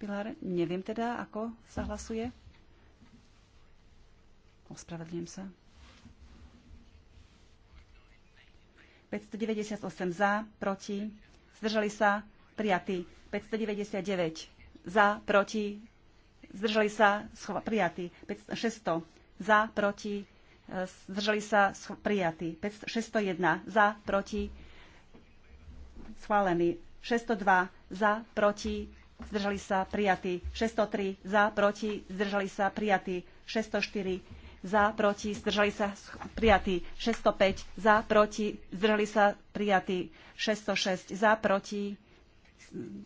Pilar, neviem teda, ako sa hlasuje. Ospravedlňujem sa. 598 za, proti, zdržali sa, prijatí. 599 za, proti, zdržali sa, schova, prijatí. 600 za, proti, e, zdržali sa, prijatí. 601 za, proti, schválený. 602 za, proti, zdržali sa prijatí 603 za, proti, zdržali sa prijatí 604 za, proti, zdržali sa prijatí 605 za, proti, zdržali sa prijatí 606 za, proti,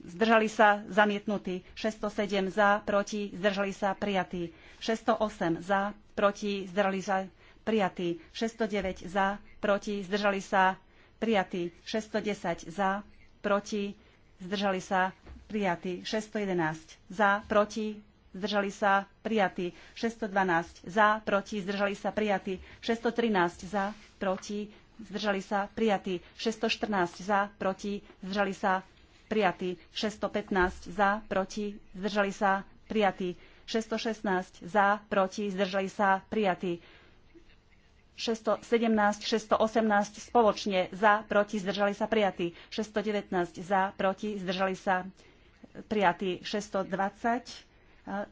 zdržali sa zamietnutí 607 za, proti, zdržali sa prijatí 608 za, proti, zdržali sa prijatí 609 za, proti, zdržali sa prijatí 610 za, proti, zdržali sa prijatý. 611 za, proti, zdržali sa, prijatý. 612 za, proti, zdržali sa, prijatý. 613 za, proti, zdržali sa, prijatý. 614 za, proti, zdržali sa, prijatý. 615 za, proti, zdržali sa, prijatý. 616 za, proti, zdržali sa, prijatý. 617, 618 spoločne za, proti, zdržali sa, prijatý. 619 za, proti, zdržali sa, prijatý prijatý 620 e,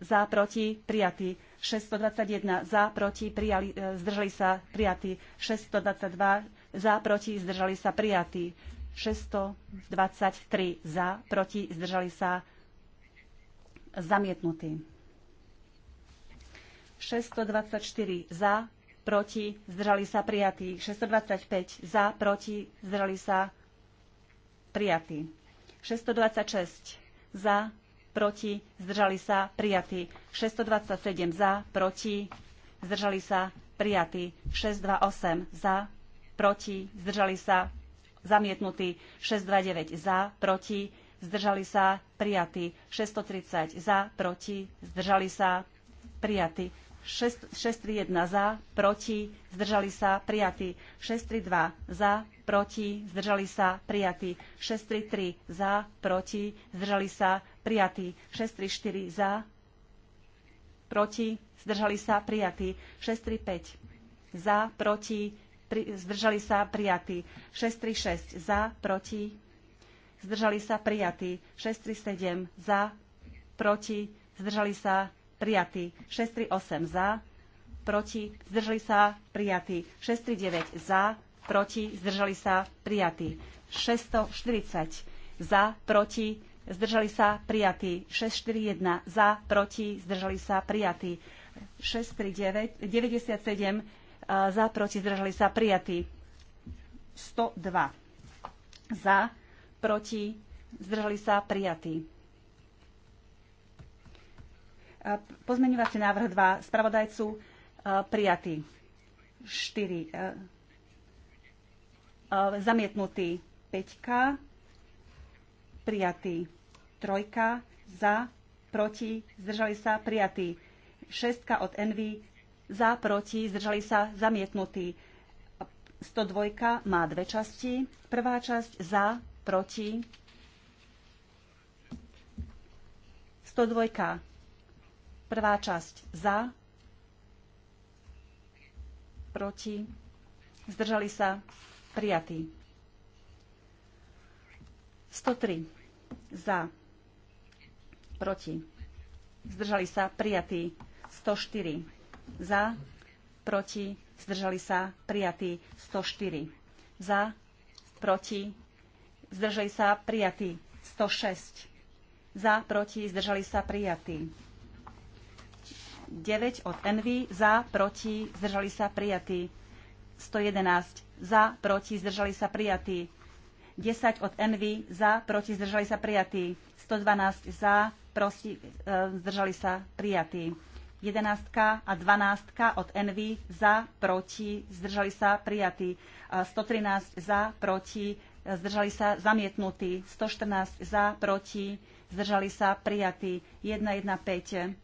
za, proti, prijatý 621 za, proti, prijali, e, zdržali sa prijatí 622 za, proti, zdržali sa prijatí 623 za, proti, zdržali sa zamietnutí. 624 za, proti, zdržali sa prijatí. 625 za, proti, zdržali sa prijatí. 626 za, proti, zdržali sa, prijatí. 627 za, proti, zdržali sa, prijatí. 628 za, proti, zdržali sa, zamietnutí. 629 za, proti, zdržali sa, prijatí. 630 za, proti, zdržali sa, prijatí. 631 za, proti, zdržali sa, prijatí. 632 za, proti, zdržali sa, prijatí. 633 za, proti, zdržali sa, prijatí. 634 za, proti, zdržali sa, prijatí. 635 za, proti, pri, zdržali sa, prijatí. 636 za, proti, zdržali sa, prijatí. 637 za, proti, zdržali sa, prijatí. 638 za, proti, zdržali sa, prijatí. 639 za, proti, zdržali sa, prijatí. 640 za, proti, zdržali sa, prijatí. 641 za, proti, zdržali sa, prijatí. 697 97 za, proti, zdržali sa, prijatí. 102 za, proti, zdržali sa, prijatí. Pozmeňovací návrh 2 spravodajcu prijatý. 4 Eh, zamietnutý 5K, prijatý 3 za, proti, zdržali sa, prijatý 6 od Envy, za, proti, zdržali sa, zamietnutý 102 má dve časti. Prvá časť za, proti, 102 Prvá časť za, proti, zdržali sa, prijatý. 103 za, proti, zdržali sa, prijatý. 104 za, proti, zdržali sa, prijatý. 104 za, proti, zdržali sa, prijatý. 106 za, proti, zdržali sa, prijatý. 9 od Envy, za, proti, zdržali sa, prijatý. 111 za, proti, zdržali sa prijatí. 10 od Envy, za, proti, zdržali sa prijatí. 112 za, proti, e, zdržali sa prijatí. 11 a 12 od Envy, za, proti, zdržali sa prijatí. 113 e, za, proti, e, zdržali sa zamietnutí. 114 za, proti, zdržali sa prijatí. 115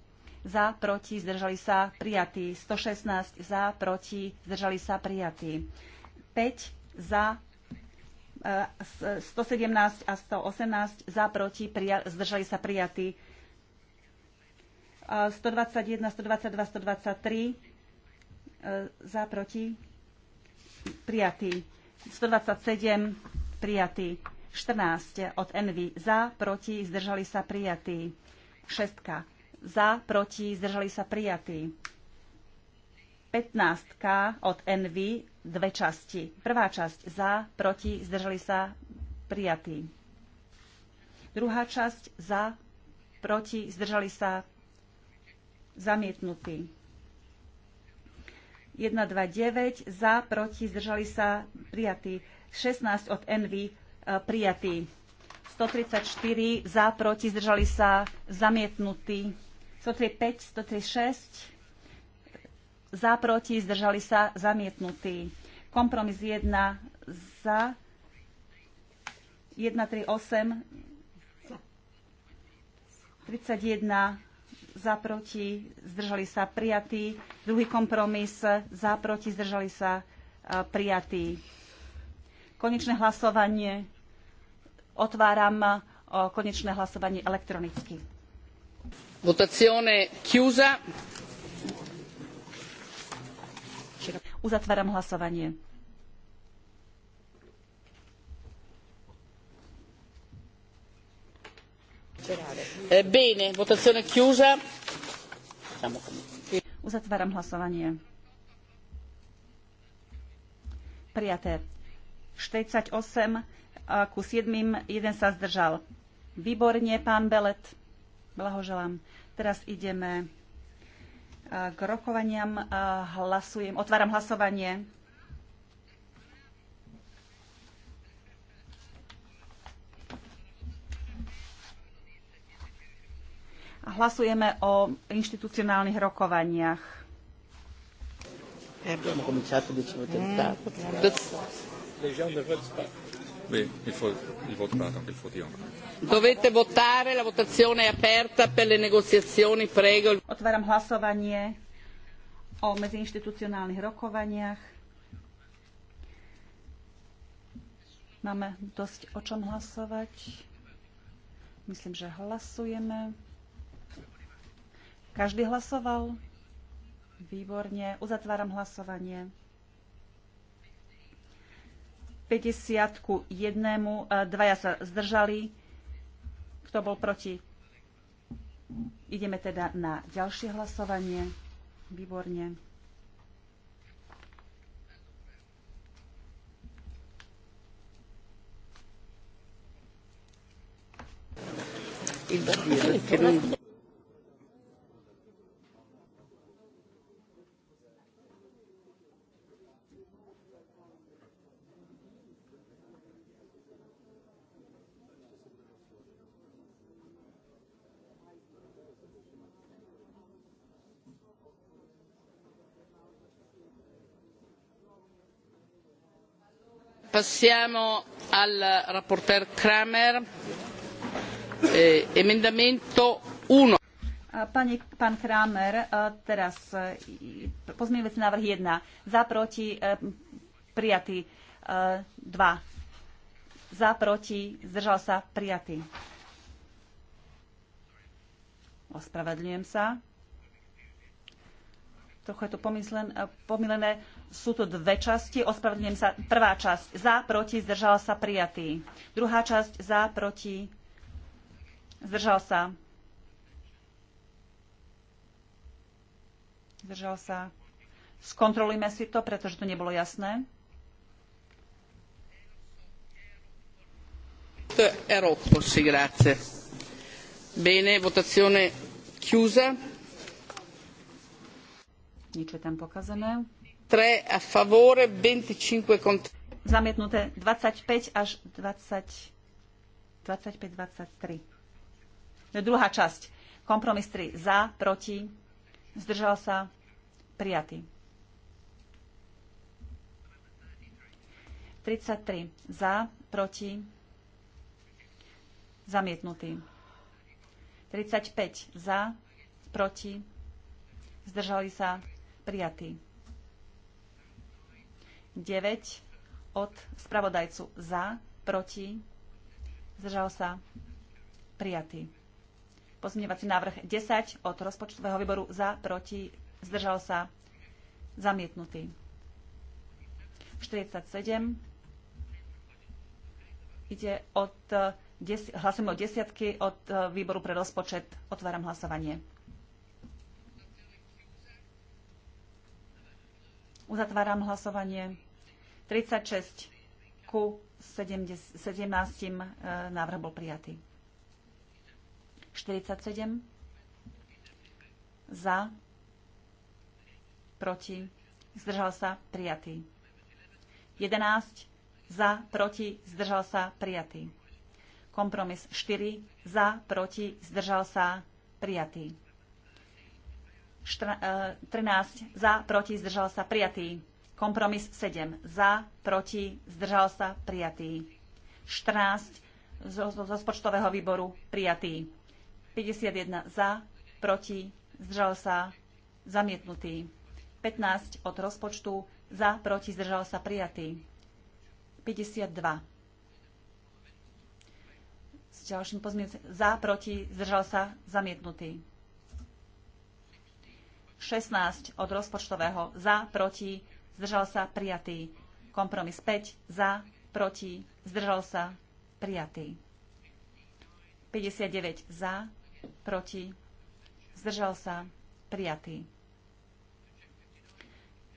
za, proti, zdržali sa prijatí. 116 za, proti, zdržali sa prijatí. 5 za 117 e, a 118 za proti, zdržali sa prijatí. 121, 122, 123 za proti, prijatí. 127 prijatí. 14 od Envy za, proti, zdržali sa prijatí. 6 za, proti, zdržali sa prijatí. 15 od NV dve časti. Prvá časť za, proti, zdržali sa, prijatý. Druhá časť za, proti, zdržali sa, zamietnutý. 1, 2, 9, za, proti, zdržali sa, prijatý. 16 od NV e, prijatý. 134, za, proti, zdržali sa, zamietnutý. 135, 136, za, proti, zdržali sa, zamietnutý. Kompromis 1 za, 1, 3, 8, 31 za, proti, zdržali sa, prijatý. Druhý kompromis za, proti, zdržali sa, e, prijatý. Konečné hlasovanie. Otváram e, konečné hlasovanie elektronicky. Votazione chiusa. Uzatváram hlasovanie. Eh, bene, votazione chiusa. Uzatváram hlasovanie. Prijaté. 48 eh, ku 7, jeden sa zdržal. Výborne, pán Belet. Blahoželám. Teraz ideme k rokovaniam hlasujem, otváram hlasovanie. Hlasujeme o inštitucionálnych rokovaniach. Eh, abbiamo cominciato 10.30. Mm. Dovete votare, la votazione è aperta per le negoziazioni, prego. Otváram hlasovanie o medziinštitucionálnych rokovaniach. Máme dosť o čom hlasovať. Myslím, že hlasujeme. Každý hlasoval? Výborne. Uzatváram hlasovanie. 50 ku 1, dvaja sa zdržali, kto bol proti. Ideme teda na ďalšie hlasovanie. Výborne. Výborne. passiamo al rapporteur Kramer, eh, emendamento 1. Pani, pán Kramer, e, teraz e, pozmeňujúci návrh 1. Za, proti, e, prijatý 2. Za, proti, zdržal sa, prijatý. Ospravedlňujem sa. Trochu je to pomyslen, pomilené. Sú tu dve časti. Ospravedlňujem sa. Prvá časť za, proti, zdržal sa, prijatý. Druhá časť za, proti, zdržal sa. Zdržal sa. Skontrolujme si to, pretože to nebolo jasné. sì, grazie. Bene, votazione chiusa. Nič je tam pokazané. 3 a favore, 25 contro. Zamietnuté 25 až 20, 25, 23. Druhá časť. Kompromis 3. Za, proti, zdržal sa, prijatý. 33. Za, proti, zamietnutý. 35. Za, proti, zdržali sa, prijatý. 9 od spravodajcu za, proti, zdržal sa, prijatý. Pozmeňovací návrh 10 od rozpočtového výboru za, proti, zdržal sa, zamietnutý. 47 ide od, eh, hlasujem o desiatky od eh, výboru pre rozpočet. Otváram hlasovanie. Uzatváram hlasovanie. 36 ku 17 e, návrh bol prijatý. 47 za, proti, zdržal sa, prijatý. 11 za, proti, zdržal sa, prijatý. Kompromis 4 za, proti, zdržal sa, prijatý. 13 e, za, proti, zdržal sa, prijatý. Kompromis 7 za, proti, zdržal sa, prijatý. 14 z, z rozpočtového výboru prijatý. 51 za, proti, zdržal sa, zamietnutý. 15 od rozpočtu za, proti, zdržal sa, prijatý. 52. S ďalším pozmienujúcim za, proti, zdržal sa, zamietnutý. 16 od rozpočtového za, proti, zdržal sa, prijatý. Kompromis 5 za, proti, zdržal sa, prijatý. 59 za, proti, zdržal sa, prijatý.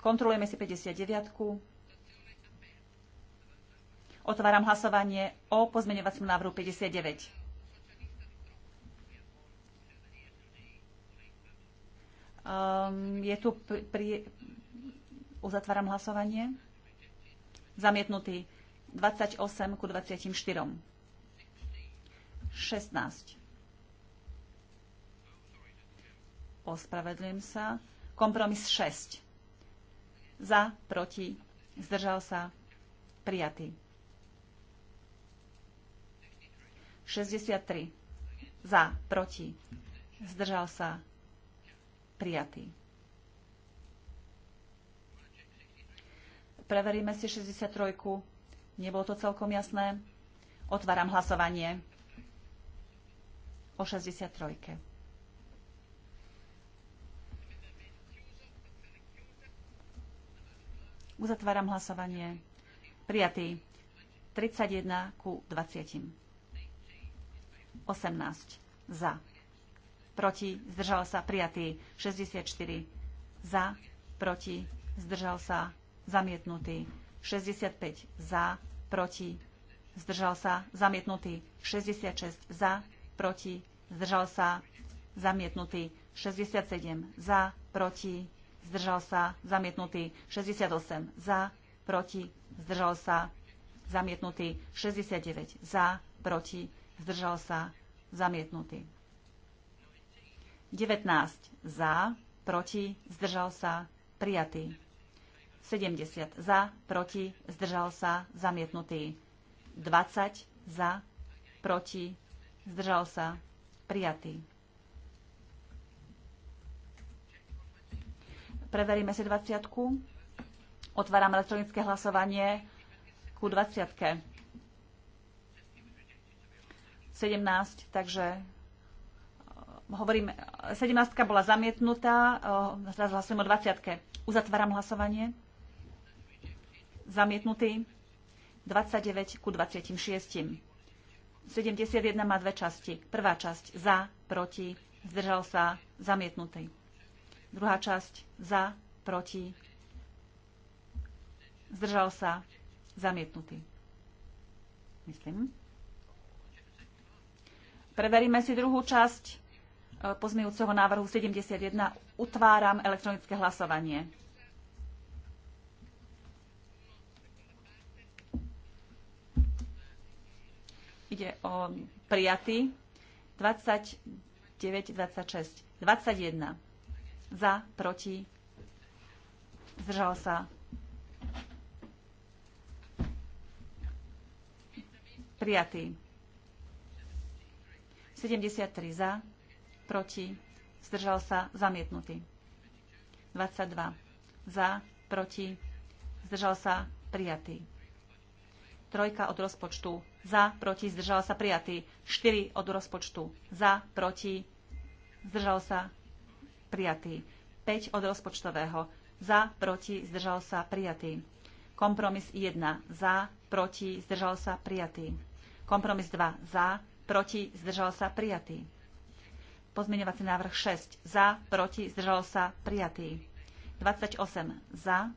Kontrolujeme si 59. Otváram hlasovanie o pozmeňovacom návrhu 59. Um, ehm, je tu pri, pri, Uzatváram hlasovanie. Zamietnutý 28 ku 24. 16. Ospravedlím sa. Kompromis 6. Za, proti, zdržal sa, prijatý. 63. Za, proti, zdržal sa, prijatý. Preveríme si 63. Nebolo to celkom jasné. Otváram hlasovanie o 63. Uzatváram hlasovanie. Prijatý. 31 ku 20. 18 za. Proti. Zdržal sa. Prijatý. 64 za. Proti. Zdržal sa zamietnutý. 65 za, proti, zdržal sa, zamietnutý. 66 za, proti, zdržal sa, zamietnutý. 67 za, proti, zdržal sa, zamietnutý. 68 za, proti, zdržal sa, zamietnutý. 69 za, proti, zdržal sa, zamietnutý. 19 za, proti, zdržal sa, prijatý. 70 za, proti, zdržal sa, zamietnutý. 20 za, proti, zdržal sa, prijatý. Preveríme si 20. -ku. Otváram elektronické hlasovanie ku 20. 17, takže eh, hovorím, 17 eh, bola zamietnutá, eh, teraz hlasujem o 20. -ke. Uzatváram hlasovanie zamietnutý 29 ku 26. 71 má dve časti. Prvá časť za, proti, zdržal sa, zamietnutý. Druhá časť za, proti, zdržal sa, zamietnutý. Myslím. Preveríme si druhú časť eh, pozmejúceho návrhu 71. Utváram elektronické hlasovanie. Ide o prijatý 29, 26, 21. Za, proti, zdržal sa. Prijatý. 73 za, proti, zdržal sa, zamietnutý. 22 za, proti, zdržal sa, prijatý. Trojka od rozpočtu za, proti, zdržal sa prijatý. 4 od rozpočtu za, proti, zdržal sa prijatý. 5 od rozpočtového za, proti, zdržal sa prijatý. Kompromis 1 za, proti, zdržal sa prijatý. Kompromis 2 za, proti, zdržal sa prijatý. Pozmeňovací návrh 6 za, proti, zdržal sa prijatý. 28 za,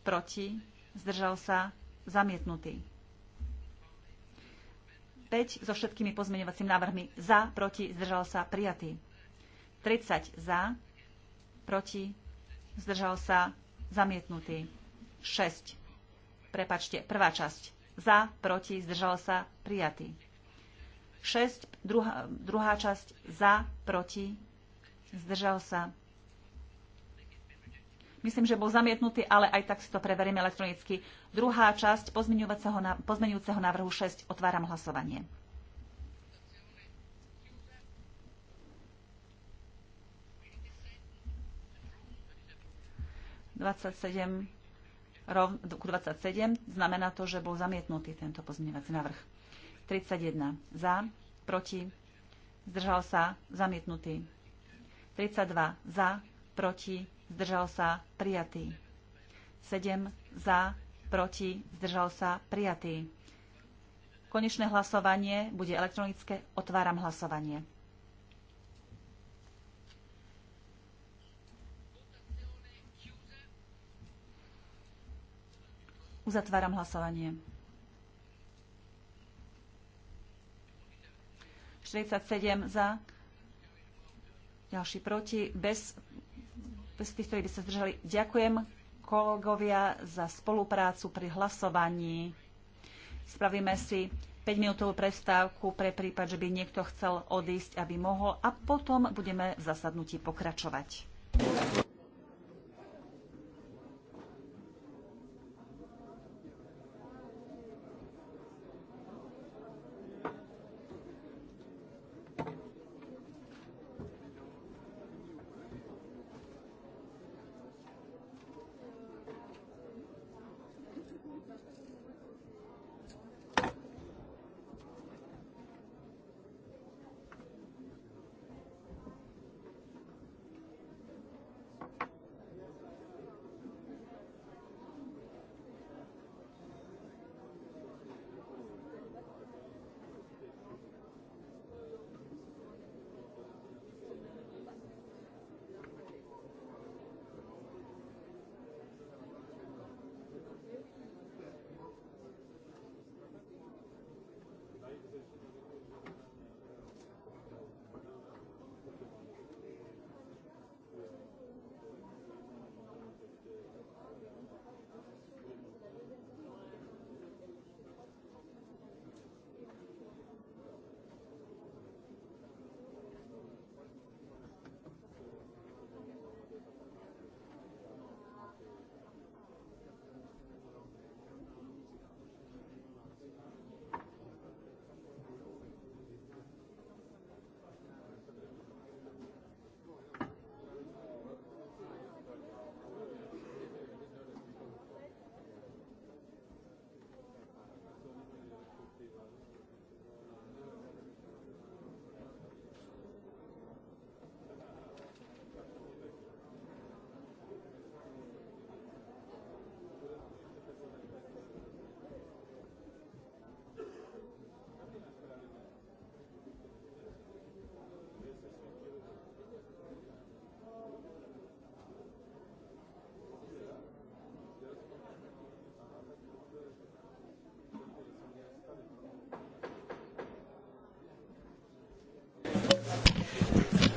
proti, zdržal sa zamietnutý. 5 so všetkými pozmeňovacími návrhmi za, proti, zdržal sa, prijatý. 30 za, proti, zdržal sa, zamietnutý. 6. Prepačte, prvá časť. Za, proti, zdržal sa, prijatý. 6. Druhá, druhá časť. Za, proti, zdržal sa, prijatý Myslím, že bol zamietnutý, ale aj tak si to preveríme elektronicky. Druhá časť pozmeňujúceho návrhu 6. Otváram hlasovanie. ku 27. Znamená to, že bol zamietnutý tento pozmeňovací návrh. 31 za, proti, zdržal sa, zamietnutý. 32 za, proti, zdržal sa, prijatý. 7 za, proti, zdržal sa, prijatý. Konečné hlasovanie bude elektronické. Otváram hlasovanie. Uzatváram hlasovanie. 47 za, ďalší proti, bez z tých, ktorí sa zdržali. Ďakujem kolegovia za spoluprácu pri hlasovaní. Spravíme si 5-minútovú prestávku pre prípad, že by niekto chcel odísť, aby mohol a potom budeme v zasadnutí pokračovať.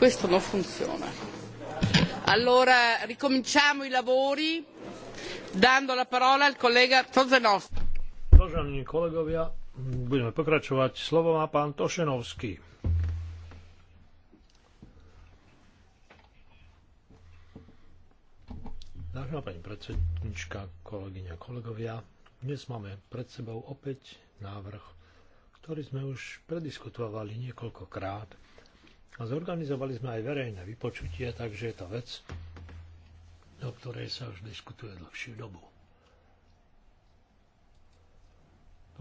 questo non funziona. Allora ricominciamo i lavori dando la parola al collega Tozenovski. Vážení kolegovia, budeme pokračovať. Slovo má pán Tošenovský. Vážená pani predsednička, kolegyňa, kolegovia, dnes máme pred sebou opäť návrh, ktorý sme už prediskutovali niekoľkokrát a zorganizovali sme aj verejné vypočutie, takže je to vec, o ktorej sa už diskutuje dlhšiu dobu.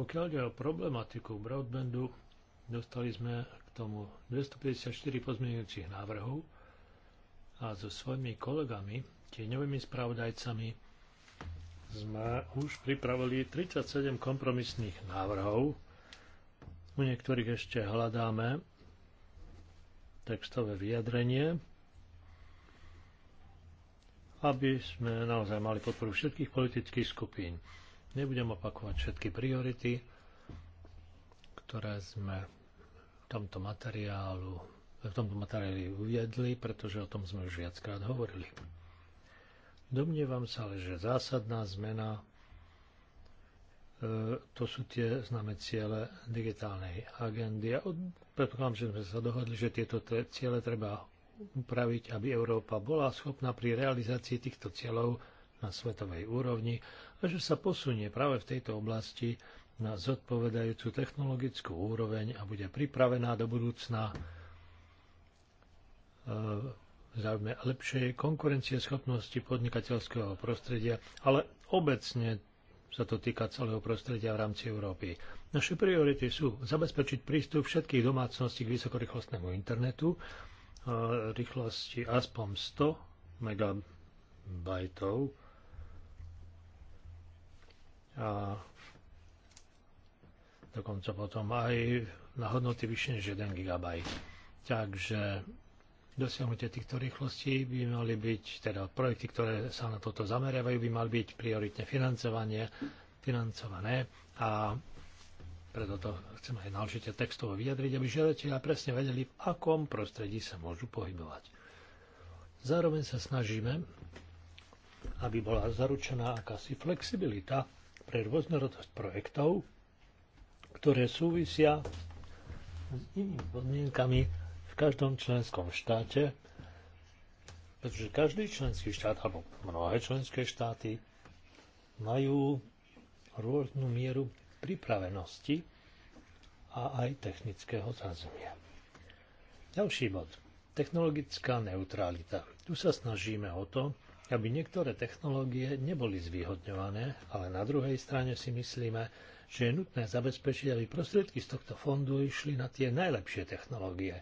Pokiaľ ide o problematiku broadbandu, dostali sme k tomu 254 pozmeňujúcich návrhov a so svojimi kolegami, tieňovými spravodajcami, sme už pripravili 37 kompromisných návrhov. U niektorých ešte hľadáme textové vyjadrenie, aby sme naozaj mali podporu všetkých politických skupín. Nebudem opakovať všetky priority, ktoré sme v tomto materiálu v tomto materiáli uviedli, pretože o tom sme už viackrát hovorili. Domnievam sa ale, že zásadná zmena E, to sú tie známe ciele digitálnej agendy. A predpokladám, že sme sa dohodli, že tieto ciele treba upraviť, aby Európa bola schopná pri realizácii týchto cieľov na svetovej úrovni a že sa posunie práve v tejto oblasti na zodpovedajúcu technologickú úroveň a bude pripravená do budúcna e, v záujme lepšej konkurencieschopnosti podnikateľského prostredia, ale obecne sa to týka celého prostredia v rámci Európy. Naše priority sú zabezpečiť prístup všetkých domácností k vysokorýchlostnému internetu e, rýchlosti aspoň 100 megabajtov a dokonca potom aj na hodnoty vyššie než 1 GB. Takže dosiahnutie týchto rýchlostí by mali byť, teda projekty, ktoré sa na toto zameriavajú, by mali byť prioritne financovanie, financované a preto to chcem aj naučite textovo vyjadriť, aby žiadatelia presne vedeli, v akom prostredí sa môžu pohybovať. Zároveň sa snažíme, aby bola zaručená akási flexibilita pre rôznorodosť projektov, ktoré súvisia s inými podmienkami každom členskom štáte, pretože každý členský štát, alebo mnohé členské štáty, majú rôznu mieru pripravenosti a aj technického zázemia. Ďalší bod. Technologická neutralita. Tu sa snažíme o to, aby niektoré technológie neboli zvýhodňované, ale na druhej strane si myslíme, že je nutné zabezpečiť, aby prostriedky z tohto fondu išli na tie najlepšie technológie,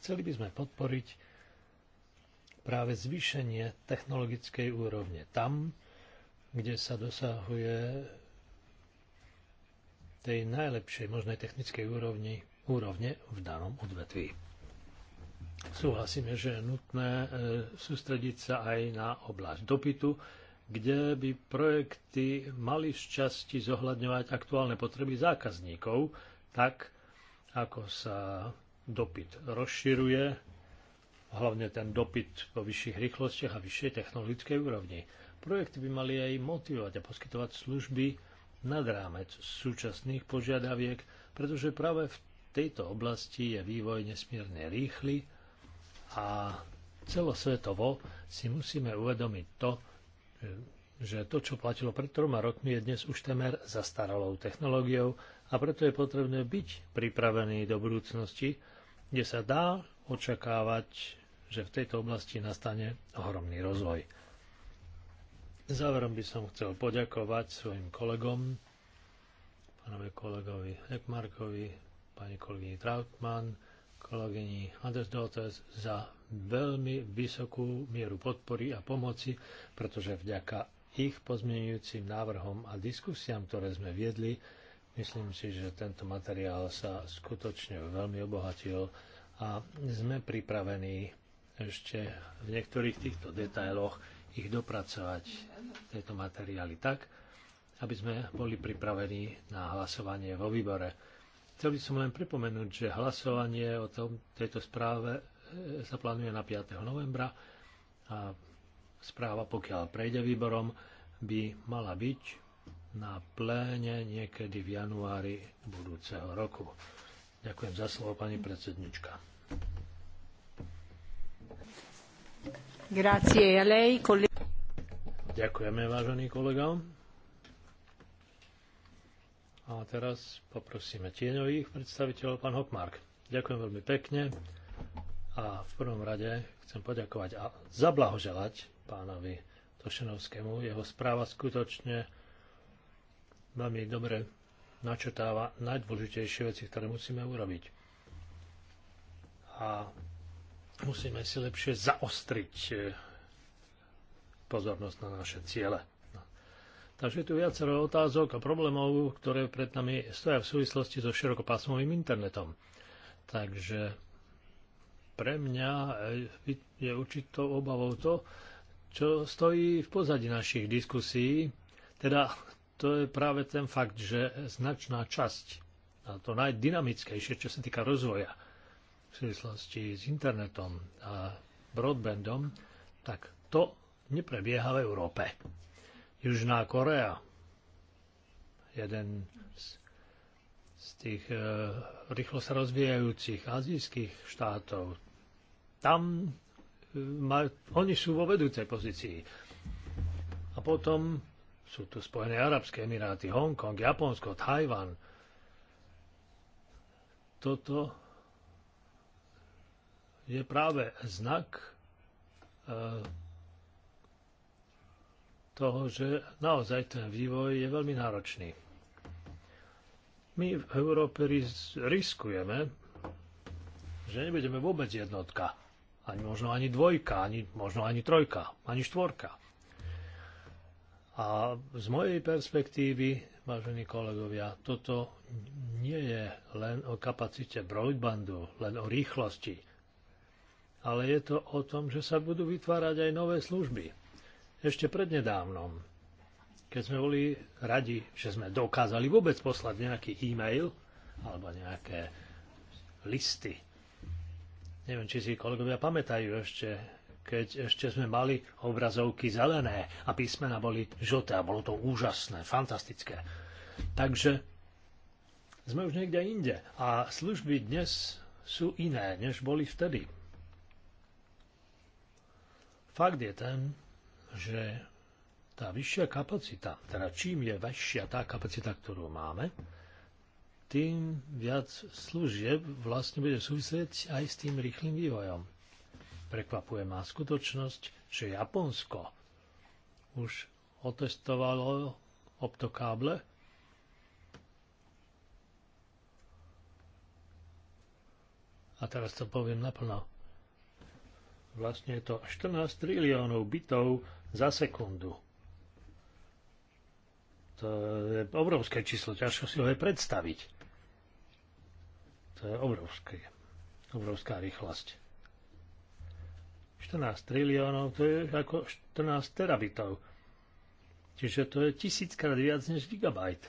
Chceli by sme podporiť práve zvýšenie technologickej úrovne tam, kde sa dosahuje tej najlepšej možnej technickej úrovni, úrovne v danom odvetví. Súhlasíme, že je nutné e, sústrediť sa aj na oblasť dopytu, kde by projekty mali z časti zohľadňovať aktuálne potreby zákazníkov, tak ako sa dopyt rozširuje, hlavne ten dopyt po vyšších rýchlostiach a vyššej technologickej úrovni. Projekty by mali aj motivovať a poskytovať služby nad rámec súčasných požiadaviek, pretože práve v tejto oblasti je vývoj nesmierne rýchly a celosvetovo si musíme uvedomiť to, že to, čo platilo pred troma rokmi, je dnes už temer zastaralou technológiou a preto je potrebné byť pripravený do budúcnosti kde sa dá očakávať, že v tejto oblasti nastane ohromný rozvoj. Záverom by som chcel poďakovať svojim kolegom, pánovi kolegovi Ekmarkovi, pani kolegyni Trautmann, kolegyni Anders Dotes za veľmi vysokú mieru podpory a pomoci, pretože vďaka ich pozmeňujúcim návrhom a diskusiám, ktoré sme viedli, Myslím si, že tento materiál sa skutočne veľmi obohatil a sme pripravení ešte v niektorých týchto detailoch ich dopracovať, tieto materiály tak, aby sme boli pripravení na hlasovanie vo výbore. Chcel by som len pripomenúť, že hlasovanie o tom, tejto správe e, sa plánuje na 5. novembra a správa, pokiaľ prejde výborom, by mala byť na pléne niekedy v januári budúceho roku. Ďakujem za slovo, pani predsednička. Grazie a lei, kolega. Ďakujeme, vážený kolega. A teraz poprosíme tieňových predstaviteľov, pán Hopmark. Ďakujem veľmi pekne a v prvom rade chcem poďakovať a zablahoželať pánovi Tošenovskému. Jeho správa skutočne veľmi dobre načrtáva najdôležitejšie veci, ktoré musíme urobiť. A musíme si lepšie zaostriť e, pozornosť na naše ciele. No. Takže je tu viacero otázok a problémov, ktoré pred nami stoja v súvislosti so širokopásmovým internetom. Takže pre mňa e, je určitou obavou to, čo stojí v pozadí našich diskusí, teda to je práve ten fakt, že značná časť, a to najdynamickejšie, čo sa týka rozvoja v súvislosti s internetom a broadbandom, tak to neprebieha v Európe. Južná Korea, jeden z, z tých e, rýchlo sa rozvíjajúcich azijských štátov, tam e, ma, oni sú vo vedúcej pozícii. A potom sú tu Spojené Arabské Emiráty, Hongkong, Japonsko, Tajvan. Toto je práve znak e, toho, že naozaj ten vývoj je veľmi náročný. My v Európe riskujeme, že nebudeme vôbec jednotka. Ani možno ani dvojka, ani možno ani trojka, ani štvorka. A z mojej perspektívy, vážení kolegovia, toto nie je len o kapacite broadbandu, len o rýchlosti, ale je to o tom, že sa budú vytvárať aj nové služby. Ešte prednedávnom, keď sme boli radi, že sme dokázali vôbec poslať nejaký e-mail alebo nejaké listy. Neviem, či si kolegovia pamätajú ešte keď ešte sme mali obrazovky zelené a písmena boli žlté a bolo to úžasné, fantastické. Takže sme už niekde inde a služby dnes sú iné, než boli vtedy. Fakt je ten, že tá vyššia kapacita, teda čím je väčšia tá kapacita, ktorú máme, tým viac služieb vlastne bude súvisieť aj s tým rýchlým vývojom. Prekvapuje ma skutočnosť, že Japonsko už otestovalo optokáble. A teraz to poviem naplno. Vlastne je to 14 triliónov bytov za sekundu. To je obrovské číslo, ťažko si ho aj predstaviť. To je obrovské. Obrovská rýchlosť. 14 triliónov, to je ako 14 terabitov. Čiže to je tisíckrát viac než gigabajt.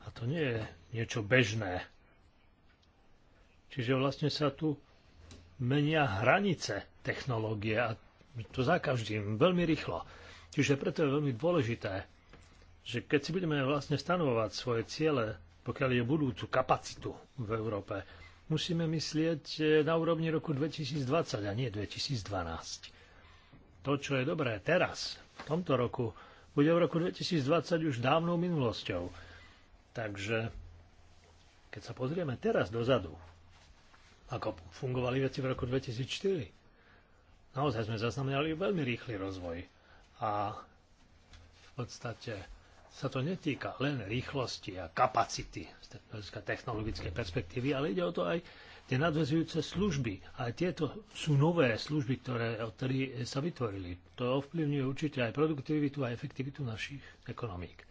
A to nie je niečo bežné. Čiže vlastne sa tu menia hranice technológie a to za každým veľmi rýchlo. Čiže preto je veľmi dôležité, že keď si budeme vlastne stanovovať svoje ciele, pokiaľ je budúcu kapacitu v Európe, musíme myslieť e, na úrovni roku 2020 a nie 2012. To, čo je dobré teraz, v tomto roku, bude v roku 2020 už dávnou minulosťou. Takže keď sa pozrieme teraz dozadu, ako fungovali veci v roku 2004, naozaj sme zaznamenali veľmi rýchly rozvoj. A v podstate sa to netýka len rýchlosti a kapacity z technologickej perspektívy, ale ide o to aj tie nadvezujúce služby. A tieto sú nové služby, ktoré odtedy sa vytvorili. To ovplyvňuje určite aj produktivitu a efektivitu našich ekonomík.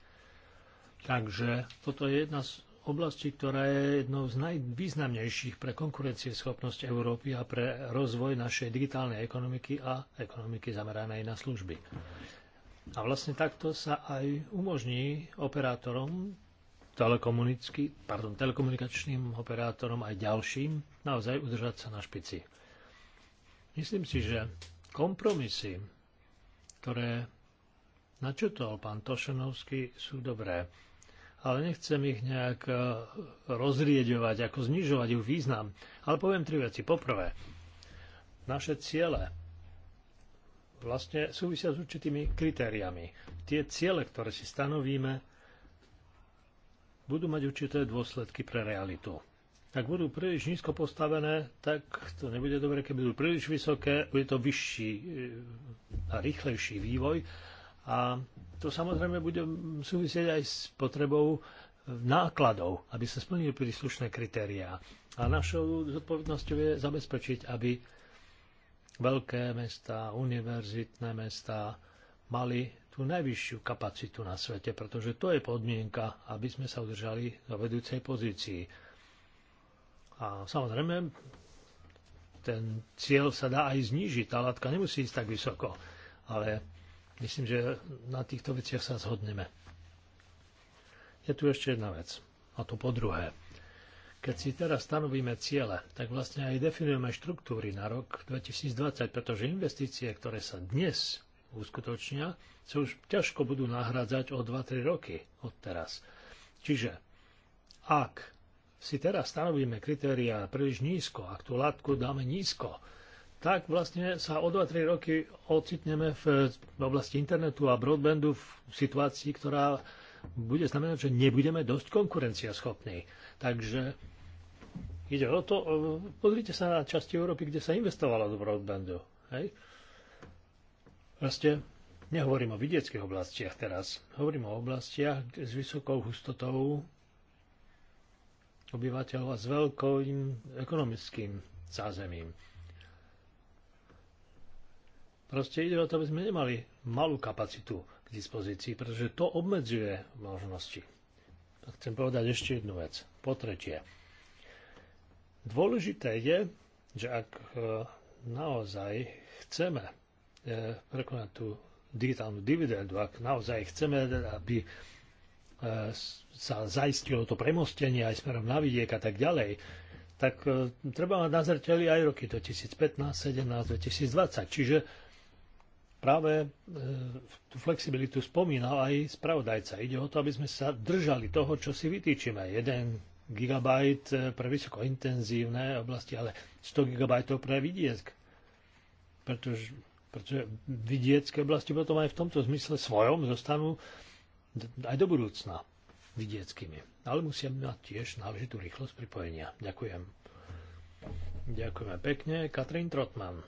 Takže toto je jedna z oblastí, ktorá je jednou z najvýznamnejších pre konkurencieschopnosť Európy a pre rozvoj našej digitálnej ekonomiky a ekonomiky zameranej na služby. A vlastne takto sa aj umožní operátorom pardon, telekomunikačným operátorom aj ďalším naozaj udržať sa na špici. Myslím si, že kompromisy, ktoré načetol pán Tošenovský, sú dobré. Ale nechcem ich nejak e, rozrieďovať, ako znižovať ich význam. Ale poviem tri veci. Poprvé, naše ciele vlastne súvisia s určitými kritériami. Tie ciele, ktoré si stanovíme, budú mať určité dôsledky pre realitu. Ak budú príliš nízko postavené, tak to nebude dobre. Keď budú príliš vysoké, bude to vyšší e, a rýchlejší vývoj. A to samozrejme bude súvisieť aj s potrebou e, nákladov, aby sa splnili príslušné kritériá. A našou zodpovednosťou je zabezpečiť, aby Veľké mesta, univerzitné mesta mali tú najvyššiu kapacitu na svete, pretože to je podmienka, aby sme sa udržali na vedúcej pozícii. A samozrejme, ten cieľ sa dá aj znížiť, tá látka nemusí ísť tak vysoko, ale myslím, že na týchto veciach sa zhodneme. Je tu ešte jedna vec, a to po druhé. Keď si teraz stanovíme ciele, tak vlastne aj definujeme štruktúry na rok 2020, pretože investície, ktoré sa dnes uskutočnia, sa už ťažko budú nahrádzať o 2-3 roky od teraz. Čiže ak si teraz stanovíme kritéria príliš nízko, ak tú látku dáme nízko, tak vlastne sa o 2-3 roky ocitneme v oblasti internetu a broadbandu v situácii, ktorá bude znamenať, že nebudeme dosť konkurenciaschopní. Takže Ide o to, e, pozrite sa na časti Európy, kde sa investovalo do broadbandu. Hej? Vlastne nehovorím o vidieckých oblastiach teraz. Hovorím o oblastiach s vysokou hustotou obyvateľov a s veľkým ekonomickým zázemím. Proste ide o to, aby sme nemali malú kapacitu k dispozícii, pretože to obmedzuje možnosti. A chcem povedať ešte jednu vec. Po tretie, Dôležité je, že ak e, naozaj chceme e, prekonať tú digitálnu dividendu, ak naozaj chceme, teda, aby e, sa zaistilo to premostenie aj smerom na vidiek a tak ďalej, tak treba mať na zreteli aj roky 2015, 17, 2020. Čiže práve tú flexibilitu spomínal aj spravodajca. Ide o to, aby sme sa držali toho, čo si vytýčime. Jeden GB eh, pre vysokointenzívne oblasti, ale 100 GB pre vidieck. Pretože, pretože vidiecké oblasti potom aj v tomto zmysle svojom zostanú aj do budúcna vidieckými. Ale musia mať tiež náležitú rýchlosť pripojenia. Ďakujem. Ďakujeme pekne. Katrin Trotman.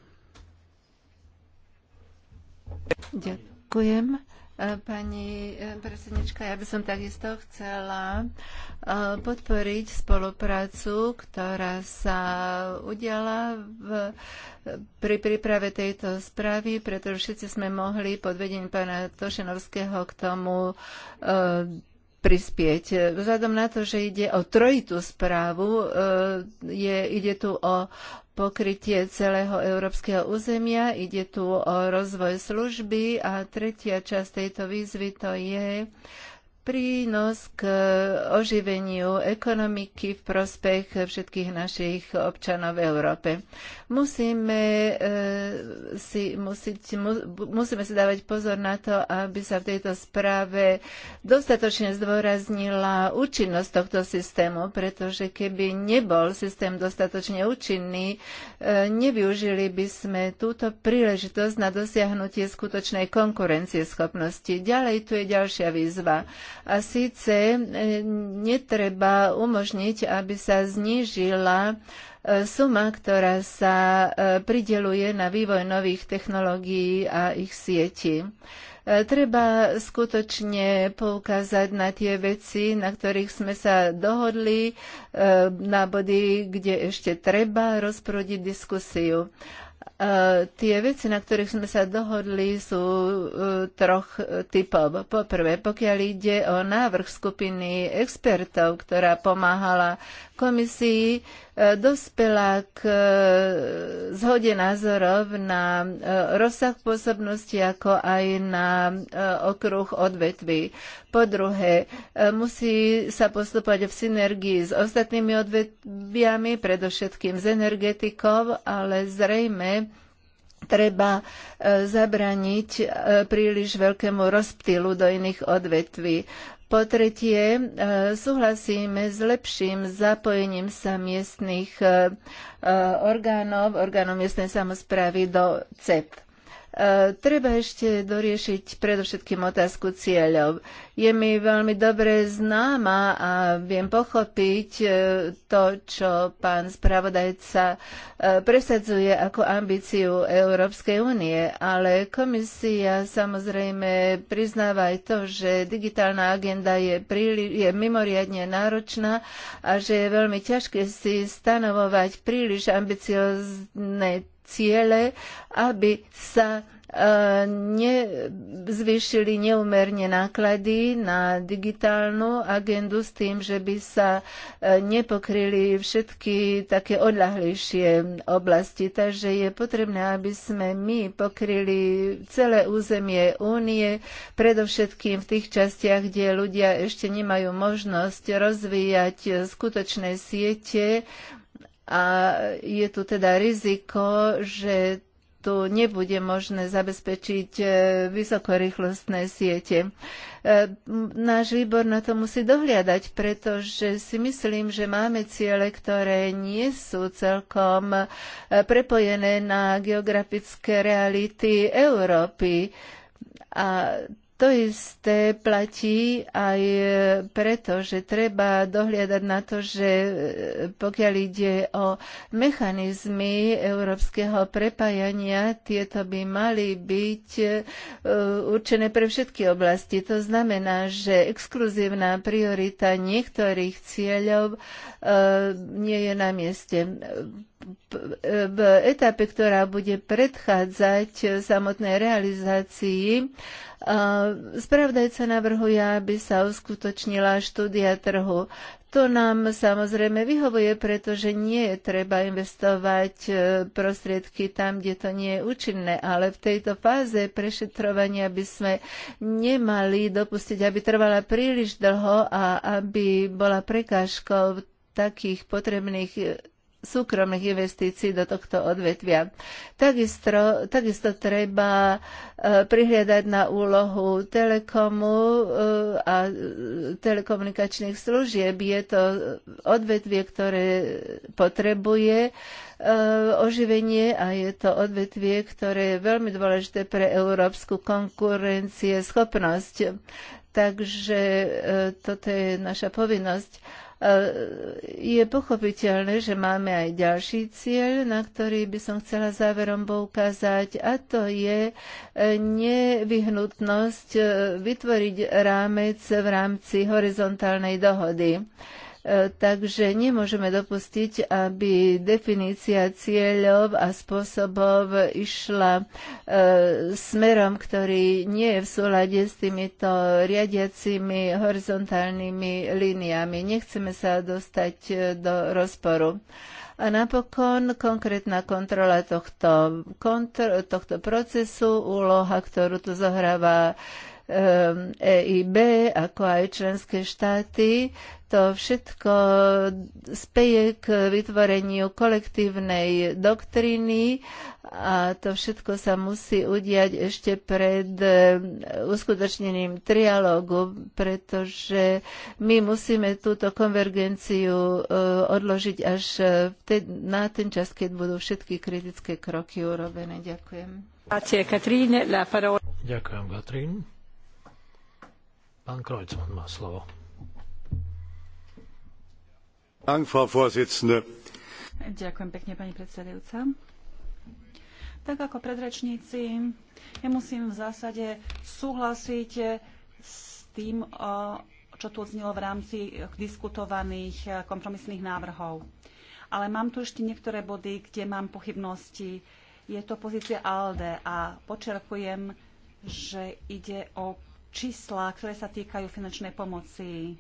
Ďakujem. Pani eh, predsednička, ja by som takisto chcela eh, podporiť spoluprácu, ktorá sa udiala v, pri príprave tejto správy, pretože všetci sme mohli pod vedením pána Tošenovského k tomu eh, prispieť. Vzhľadom na to, že ide o trojitú správu, e, je, ide tu o pokrytie celého európskeho územia, ide tu o rozvoj služby a tretia časť tejto výzvy to je prínos k oživeniu ekonomiky v prospech všetkých našich občanov v Európe. Musíme, eh, si, musiť, musíme si dávať pozor na to, aby sa v tejto správe dostatočne zdôraznila účinnosť tohto systému, pretože keby nebol systém dostatočne účinný, eh, nevyužili by sme túto príležitosť na dosiahnutie skutočnej konkurencieschopnosti. Ďalej tu je ďalšia výzva a síce e, netreba umožniť, aby sa znížila e, suma, ktorá sa e, prideluje na vývoj nových technológií a ich sietí. Treba skutočne poukázať na tie veci, na ktorých sme sa dohodli, na body, kde ešte treba rozprúdiť diskusiu. Eh, tie veci, na ktorých sme sa dohodli, sú eh, troch typov. Poprvé, pokiaľ ide o návrh skupiny expertov, ktorá pomáhala komisii, dospela k e, zhode názorov na e, rozsah pôsobnosti, ako aj na e, okruh odvetví. Po druhé, musí sa postupovať v synergii s ostatnými odvetviami, predovšetkým s energetikou, ale zrejme treba zabraniť príliš veľkému rozptýlu do iných odvetví. Po tretie, e, súhlasíme s lepším zapojením sa miestných e, e, orgánov, orgánov miestnej samozprávy do CEP. E, treba ešte doriešiť predovšetkým otázku cieľov. Je mi veľmi dobre známa a viem pochopiť e, to, čo pán spravodajca e, presadzuje ako ambíciu Európskej únie, ale komisia samozrejme priznáva aj to, že digitálna agenda je, príli, je mimoriadne náročná a že je veľmi ťažké si stanovovať príliš ambiciozne ciele, aby sa e, nezvyšili neumerne náklady na digitálnu agendu s tým, že by sa e, nepokryli všetky také odľahlejšie oblasti. Takže je potrebné, aby sme my pokryli celé územie únie, predovšetkým v tých častiach, kde ľudia ešte nemajú možnosť rozvíjať e, skutočné siete a je tu teda riziko, že tu nebude možné zabezpečiť e, vysokorýchlostné siete. E, náš výbor na to musí dohliadať, pretože si myslím, že máme ciele, ktoré nie sú celkom e, prepojené na geografické reality Európy. A to isté platí aj e, preto, že treba dohliadať na to, že e, pokiaľ ide o mechanizmy európskeho prepájania, tieto by mali byť e, určené pre všetky oblasti. To znamená, že exkluzívna priorita niektorých cieľov nie je na mieste v etape, ktorá bude predchádzať samotnej realizácii Eh, spravodajca navrhuje, aby sa uskutočnila štúdia trhu. To nám samozrejme vyhovuje, pretože nie je treba investovať eh, prostriedky tam, kde to nie je účinné, ale v tejto fáze prešetrovania by sme nemali dopustiť, aby trvala príliš dlho a aby bola prekážkou takých potrebných eh, súkromných investícií do tohto odvetvia. Takisto, takisto treba e, prihliadať na úlohu telekomu e, a telekomunikačných služieb. Je to odvetvie, ktoré potrebuje e, oživenie a je to odvetvie, ktoré je veľmi dôležité pre európsku konkurencie schopnosť. Takže toto je naša povinnosť E, je pochopiteľné, že máme aj ďalší cieľ, na ktorý by som chcela záverom poukázať, a to je e, nevyhnutnosť e, vytvoriť rámec v rámci horizontálnej dohody. E, takže nemôžeme dopustiť, aby definícia cieľov a spôsobov išla e, smerom, ktorý nie je v súlade s týmito riadiacimi horizontálnymi líniami. Nechceme sa dostať e, do rozporu. A napokon konkrétna kontrola tohto, kontr- tohto procesu, úloha, ktorú tu zohráva EIB, ako aj členské štáty, to všetko speje k vytvoreniu kolektívnej doktriny a to všetko sa musí udiať ešte pred e, uskutočnením trialógu, pretože my musíme túto konvergenciu e, odložiť až e, na ten čas, keď budú všetky kritické kroky urobené. Ďakujem. Ďakujem, Katrín. Pán Krojcman má slovo. Ďakujem pekne, pani predsedajúca. Tak ako predrečníci, ja musím v zásade súhlasiť s tým, čo tu odznelo v rámci diskutovaných e, kompromisných návrhov. Ale mám tu ešte niektoré body, kde mám pochybnosti. Je to pozícia ALDE a počerkujem, že ide o čísla, ktoré sa týkajú finančnej pomoci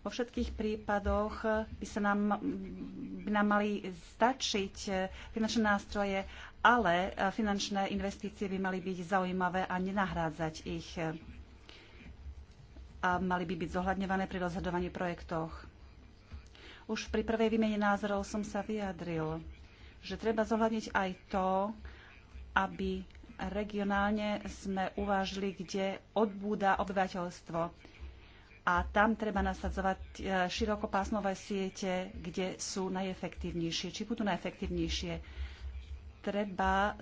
vo všetkých prípadoch by sa nám, by nám mali stačiť eh, finančné nástroje, ale eh, finančné investície by mali byť zaujímavé a nenahrádzať ich eh, a mali by byť zohľadňované pri rozhodovaní projektoch. Už pri prvej výmene názorov som sa vyjadril, že treba zohľadniť aj to, aby regionálne sme uvážili, kde odbúda obyvateľstvo a tam treba nasadzovať e, širokopásmové siete, kde sú najefektívnejšie, či budú najefektívnejšie. Treba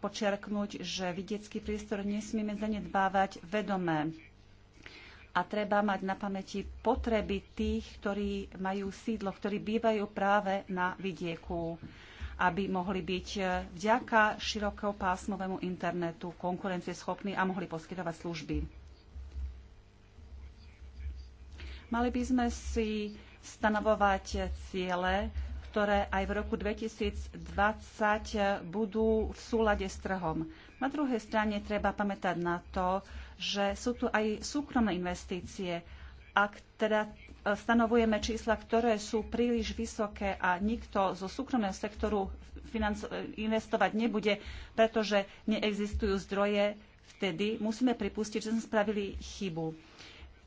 počiarknúť, že vidiecký priestor nesmieme zanedbávať vedomé a treba mať na pamäti potreby tých, ktorí majú sídlo, ktorí bývajú práve na vidieku aby mohli byť e, vďaka širokopásmovému internetu konkurencieschopní a mohli poskytovať služby. Mali by sme si stanovovať ciele, ktoré aj v roku 2020 budú v súlade s trhom. Na druhej strane treba pamätať na to, že sú tu aj súkromné investície. Ak teda e, stanovujeme čísla, ktoré sú príliš vysoké a nikto zo súkromného sektoru investovať nebude, pretože neexistujú zdroje, vtedy musíme pripustiť, že sme spravili chybu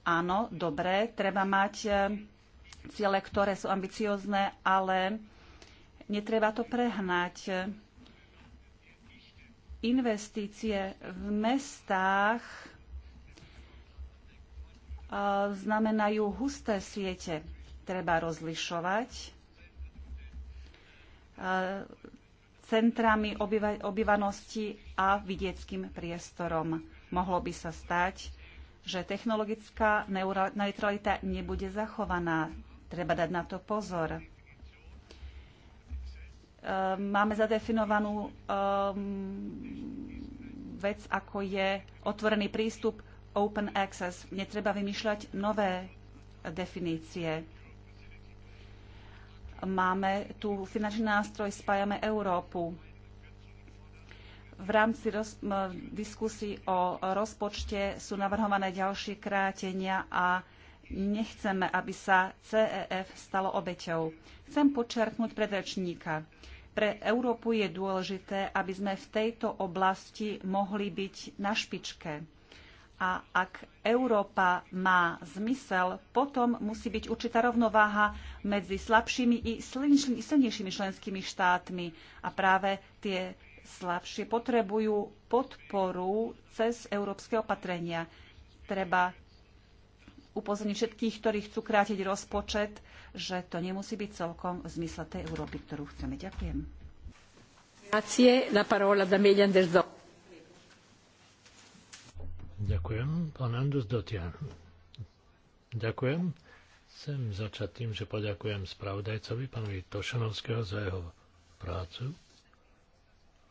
Áno, dobre, treba mať e, ciele, ktoré sú ambiciozne, ale netreba to prehnať. Investície v mestách e, znamenajú husté siete. Treba rozlišovať e, centrami obyvanosti a vidieckým priestorom. Mohlo by sa stať, že technologická neutralita nebude zachovaná. Treba dať na to pozor. E, máme zadefinovanú e, vec, ako je otvorený prístup open access. Netreba vymýšľať nové definície. Máme tu finančný nástroj Spájame Európu. V rámci roz, diskusí o rozpočte sú navrhované ďalšie krátenia a nechceme, aby sa CEF stalo obeťou. Chcem počerknúť predrečníka. Pre Európu je dôležité, aby sme v tejto oblasti mohli byť na špičke. A ak Európa má zmysel, potom musí byť určitá rovnováha medzi slabšími i silnejšími členskými štátmi. A práve tie slabšie potrebujú podporu cez európske opatrenia. Treba upozorniť všetkých, ktorí chcú krátiť rozpočet, že to nemusí byť celkom v zmysle tej Európy, ktorú chceme. Ďakujem. Ďakujem. Pán Andus Dotian. Ďakujem. Chcem začať tým, že poďakujem spravodajcovi, pánovi Tošanovského, za jeho prácu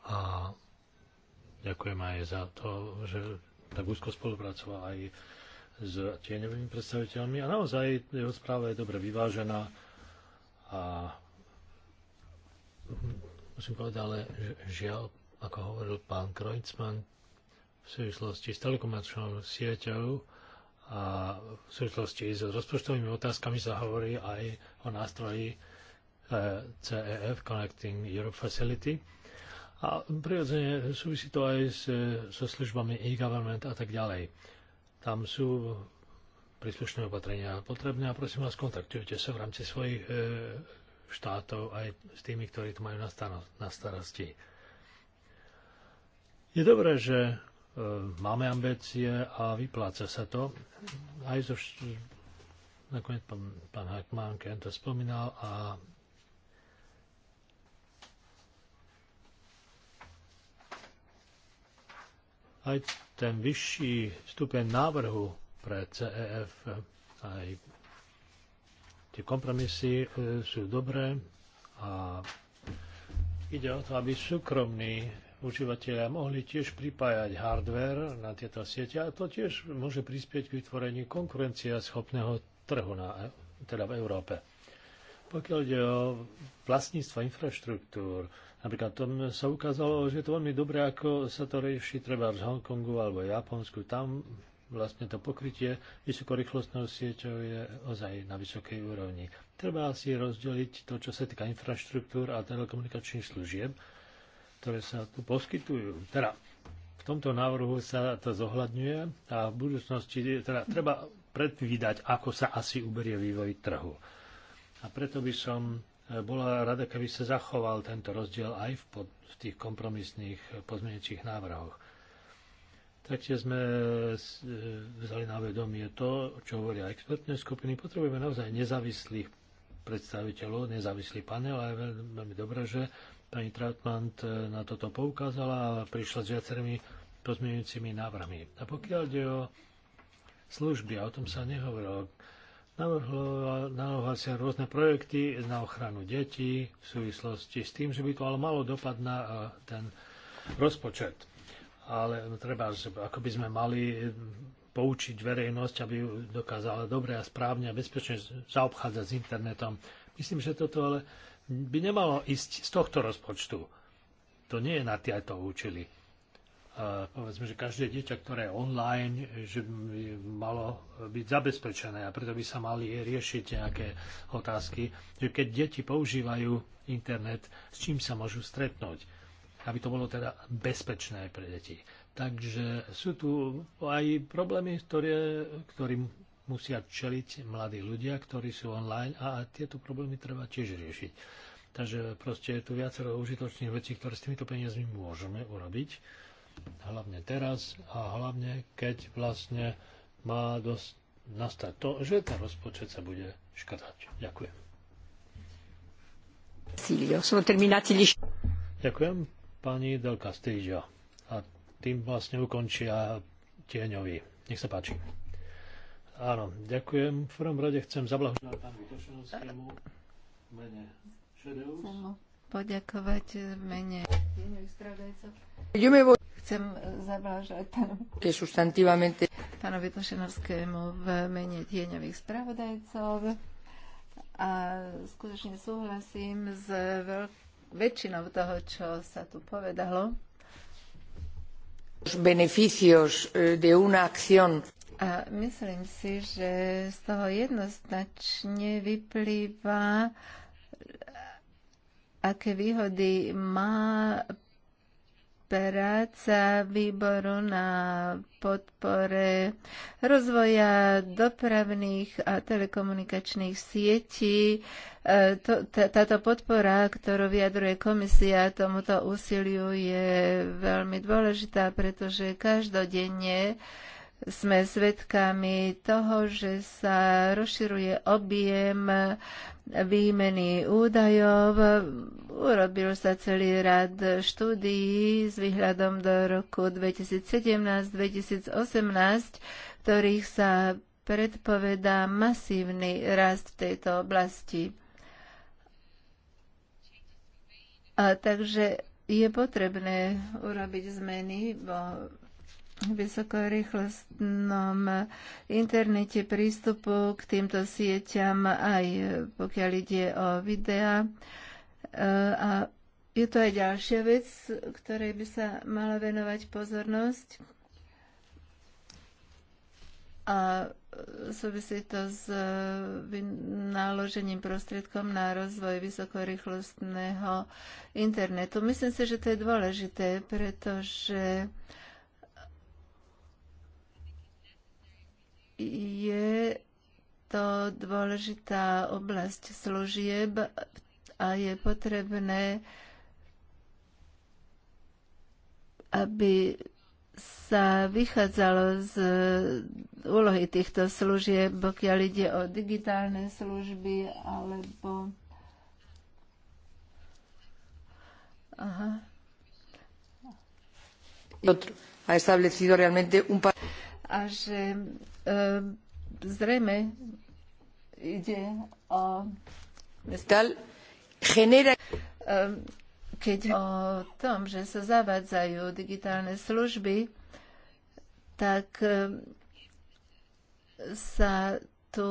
a ďakujem aj za to, že tak úzko spolupracoval aj s tieňovými predstaviteľmi a naozaj jeho správa je dobre vyvážená a musím povedať, ale žiaľ, ako hovoril pán Kreutzmann, v súvislosti s telekomerčnou sieťou a v súvislosti s rozpočtovými otázkami sa hovorí aj o nástroji eh, CEF, Connecting Europe Facility, a prirodzene súvisí to aj s, so službami e-government a tak ďalej. Tam sú príslušné opatrenia potrebné a prosím vás, kontaktujte sa v rámci svojich e, štátov aj s tými, ktorí to majú na, starosti. Je dobré, že e, máme ambície a vypláca sa to. Aj zo, nakoniec pán, pán Hartmann to spomínal a aj ten vyšší stupeň návrhu pre CEF, aj tie kompromisy e, sú dobré a ide o to, aby súkromní užívateľia mohli tiež pripájať hardware na tieto siete a to tiež môže prispieť k vytvoreniu konkurencia schopného trhu na, e, teda v Európe. Pokiaľ ide o vlastníctvo infraštruktúr, Napríklad tam sa ukázalo, že je to veľmi dobré, ako sa to rieši treba v Hongkongu alebo Japonsku. Tam vlastne to pokrytie vysokorýchlostnou sieťou je ozaj na vysokej úrovni. Treba si rozdeliť to, čo sa týka infraštruktúr a telekomunikačných služieb, ktoré sa tu poskytujú. Teda v tomto návrhu sa to zohľadňuje a v budúcnosti teda treba predvídať, ako sa asi uberie vývoj trhu. A preto by som bola rada, keby sa zachoval tento rozdiel aj v, pod, v tých kompromisných pozmeňujúcich návrhoch. Taktiež sme e, vzali na vedomie to, čo hovoria expertné skupiny. Potrebujeme naozaj nezávislých predstaviteľov, nezávislý panel a je veľmi dobré, že pani Trautmann e, na toto poukázala a prišla s viacerými pozmeňujúcimi návrhmi. A pokiaľ ide o služby, a o tom sa nehovorilo, navrhla sa rôzne projekty na ochranu detí v súvislosti s tým, že by to ale malo dopad na e, ten rozpočet. Ale treba, že ako by sme mali poučiť verejnosť, aby dokázala dobre a správne a bezpečne zaobchádzať s internetom. Myslím, že toto ale by nemalo ísť z tohto rozpočtu. To nie je na tieto účely povedzme, že každé dieťa, ktoré je online, že by malo byť zabezpečené a preto by sa mali riešiť nejaké otázky, že keď deti používajú internet, s čím sa môžu stretnúť, aby to bolo teda bezpečné pre deti. Takže sú tu aj problémy, ktoré, ktorým musia čeliť mladí ľudia, ktorí sú online a tieto problémy treba tiež riešiť. Takže proste je tu viacero užitočných vecí, ktoré s týmito peniazmi môžeme urobiť hlavne teraz a hlavne keď vlastne má dosť nastať to, že ten rozpočet sa bude škadať. Ďakujem. Ďakujem pani Del Castillo. A tým vlastne ukončia tieňový. Nech sa páči. Áno, ďakujem. V prvom rade chcem zablahoželať pánu Tošenovskému mene Šedeus. poďakovať v mene tieňových spravodajcov. Chcem zablážať pánu, pánovi Tošenovskému v mene tieňových spravodajcov a skutočne súhlasím s veľk- väčšinou toho, čo sa tu povedalo. Beneficios eh, de una acción a myslím si, že z toho jednoznačne vyplýva aké výhody má práca výboru na podpore rozvoja dopravných a telekomunikačných sietí. E, táto podpora, ktorú vyjadruje komisia tomuto úsiliu, je veľmi dôležitá, pretože každodenne uh, sme svedkami toho, že sa rozširuje objem výmeny údajov. Urobil sa celý rad štúdií s výhľadom do roku 2017-2018, ktorých sa predpovedá masívny rast v tejto oblasti. A takže je potrebné urobiť zmeny vo vysokorýchlostnom internete prístupu k týmto sieťam aj pokiaľ ide o videa. A je to aj ďalšia vec, ktorej by sa mala venovať pozornosť. A súvisí to s e, náložením prostriedkom na rozvoj vysokorýchlostného internetu. Myslím si, že to je dôležité, pretože uh, je to dôležitá oblasť služieb a je potrebné, aby sa vychádzalo z úlohy týchto služieb, pokiaľ ide o digitálne služby alebo. Aha. A že Ehm, zrejme ide o... Genera ehm, keď o tom, že sa zavádzajú digitálne služby, tak ehm, sa tu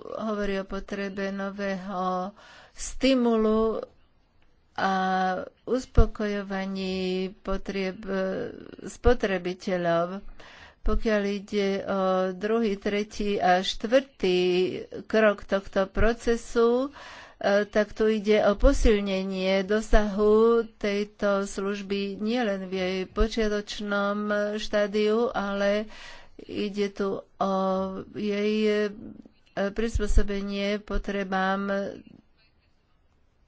hovorí o potrebe nového stimulu a uspokojovaní potrieb spotrebiteľov. Pokiaľ ide o druhý, tretí a štvrtý krok tohto procesu, e, tak tu ide o posilnenie dosahu tejto služby nielen v jej počiatočnom štádiu, ale ide tu o jej e, prispôsobenie potrebám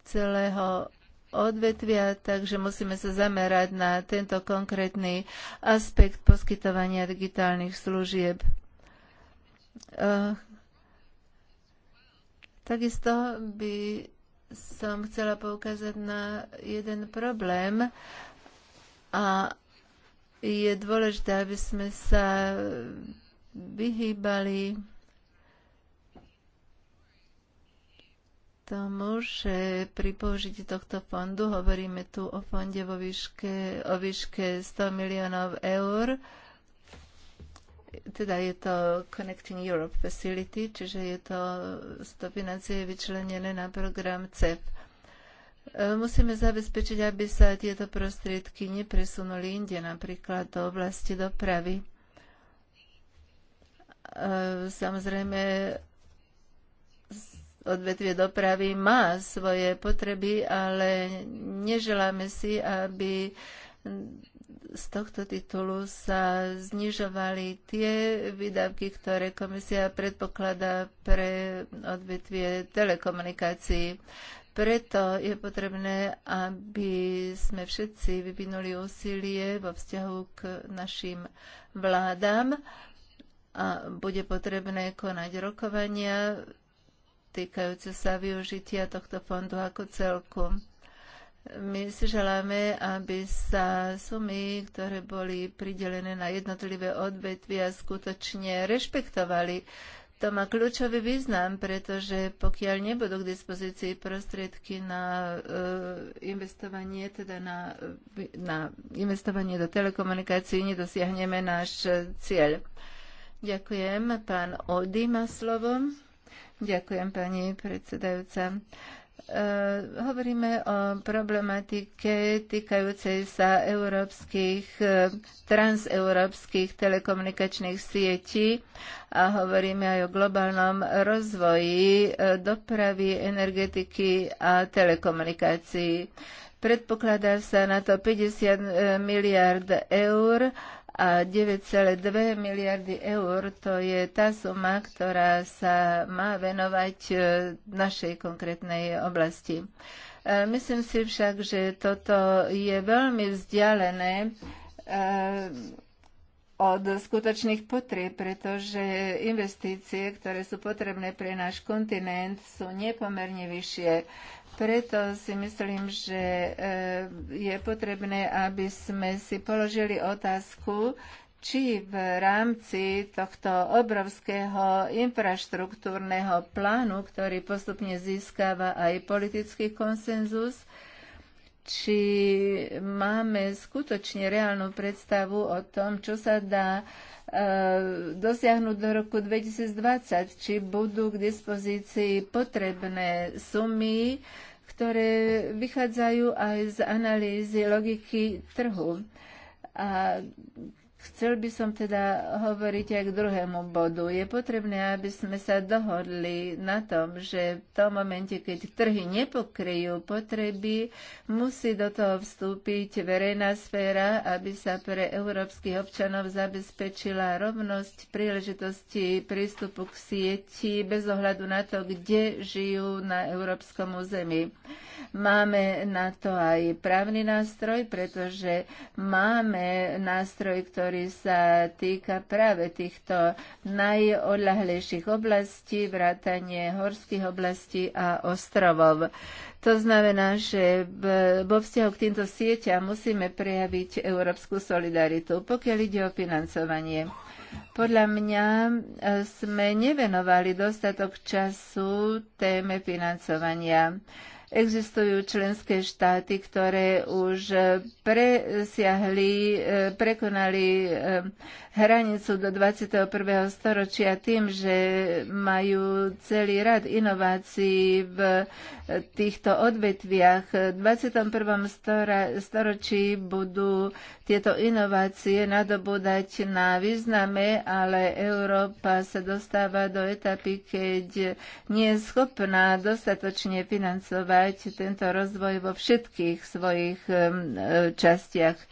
celého odvetvia, takže musíme sa zamerať na tento konkrétny aspekt poskytovania digitálnych služieb. E, takisto by som chcela poukázať na jeden problém a je dôležité, aby sme sa vyhýbali tomu, že pri použití tohto fondu hovoríme tu o fonde vo výške, o výške 100 miliónov eur. Teda je to Connecting Europe Facility, čiže je to 100 financie vyčlenené na program CEF. Musíme zabezpečiť, aby sa tieto prostriedky nepresunuli inde, napríklad do oblasti dopravy. Samozrejme, odvetvie dopravy má svoje potreby, ale neželáme si, aby z tohto titulu sa znižovali tie výdavky, ktoré komisia predpokladá pre odvetvie telekomunikácií. Preto je potrebné, aby sme všetci vyvinuli úsilie vo vzťahu k našim vládám a bude potrebné konať rokovania týkajúce sa využitia tohto fondu ako celku. My si želáme, aby sa sumy, ktoré boli pridelené na jednotlivé odvetvia, skutočne rešpektovali. To má kľúčový význam, pretože pokiaľ nebudú k dispozícii prostriedky na e, investovanie, teda na, na investovanie do telekomunikácií, nedosiahneme náš cieľ. Ďakujem. Pán Ody má slovo. Ďakujem, pani predsedajúca e, hovoríme o problematike týkajúcej sa európskych, e, transeurópskych telekomunikačných sietí a hovoríme aj o globálnom rozvoji e, dopravy, energetiky a telekomunikácií. Predpokladá sa na to 50 miliard eur a 9,2 miliardy eur to je tá suma, ktorá sa má venovať e, našej konkrétnej oblasti. E, myslím si však, že toto je veľmi vzdialené e, od skutočných potrieb, pretože investície, ktoré sú potrebné pre náš kontinent, sú nepomerne vyššie. Preto si myslím, že eh, je potrebné, aby sme si položili otázku, či v rámci tohto obrovského infraštruktúrneho plánu, ktorý postupne získava aj politický konsenzus, či máme skutočne reálnu predstavu o tom, čo sa dá e, dosiahnuť do roku 2020, či budú k dispozícii potrebné sumy, ktoré vychádzajú aj z analýzy logiky trhu. A Chcel by som teda hovoriť aj k druhému bodu. Je potrebné, aby sme sa dohodli na tom, že v tom momente, keď trhy nepokryjú potreby, musí do toho vstúpiť verejná sféra, aby sa pre európskych občanov zabezpečila rovnosť príležitosti prístupu k sieti bez ohľadu na to, kde žijú na európskom území. Máme na to aj právny nástroj, pretože máme nástroj, ktorý sa týka práve týchto najodľahlejších oblastí, vrátanie horských oblastí a ostrovov. To znamená, že vo vzťahu k týmto sieťam musíme prejaviť európsku solidaritu, pokiaľ ide o financovanie. Podľa mňa e, sme nevenovali dostatok času téme financovania. Existujú členské štáty, ktoré už presiahli, e, prekonali e, hranicu do 21. storočia tým, že majú celý rad inovácií v týchto odvetviach. V 21. storočí budú tieto inovácie nadobúdať na význame, ale Európa sa dostáva do etapy, keď nie je schopná dostatočne financovať tento rozvoj vo všetkých svojich e, častiach. E,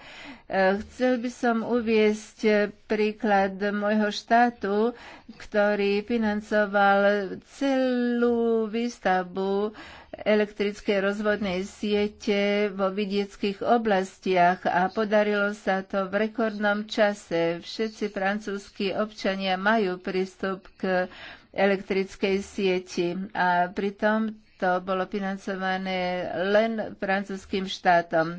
chcel by som uviesť príklad môjho štátu, ktorý financoval celú výstavbu elektrickej rozvodnej siete vo vidieckých oblastiach a podarilo sa to v rekordnom čase. Všetci francúzskí občania majú prístup k elektrickej sieti a pritom to bolo financované len francúzským štátom.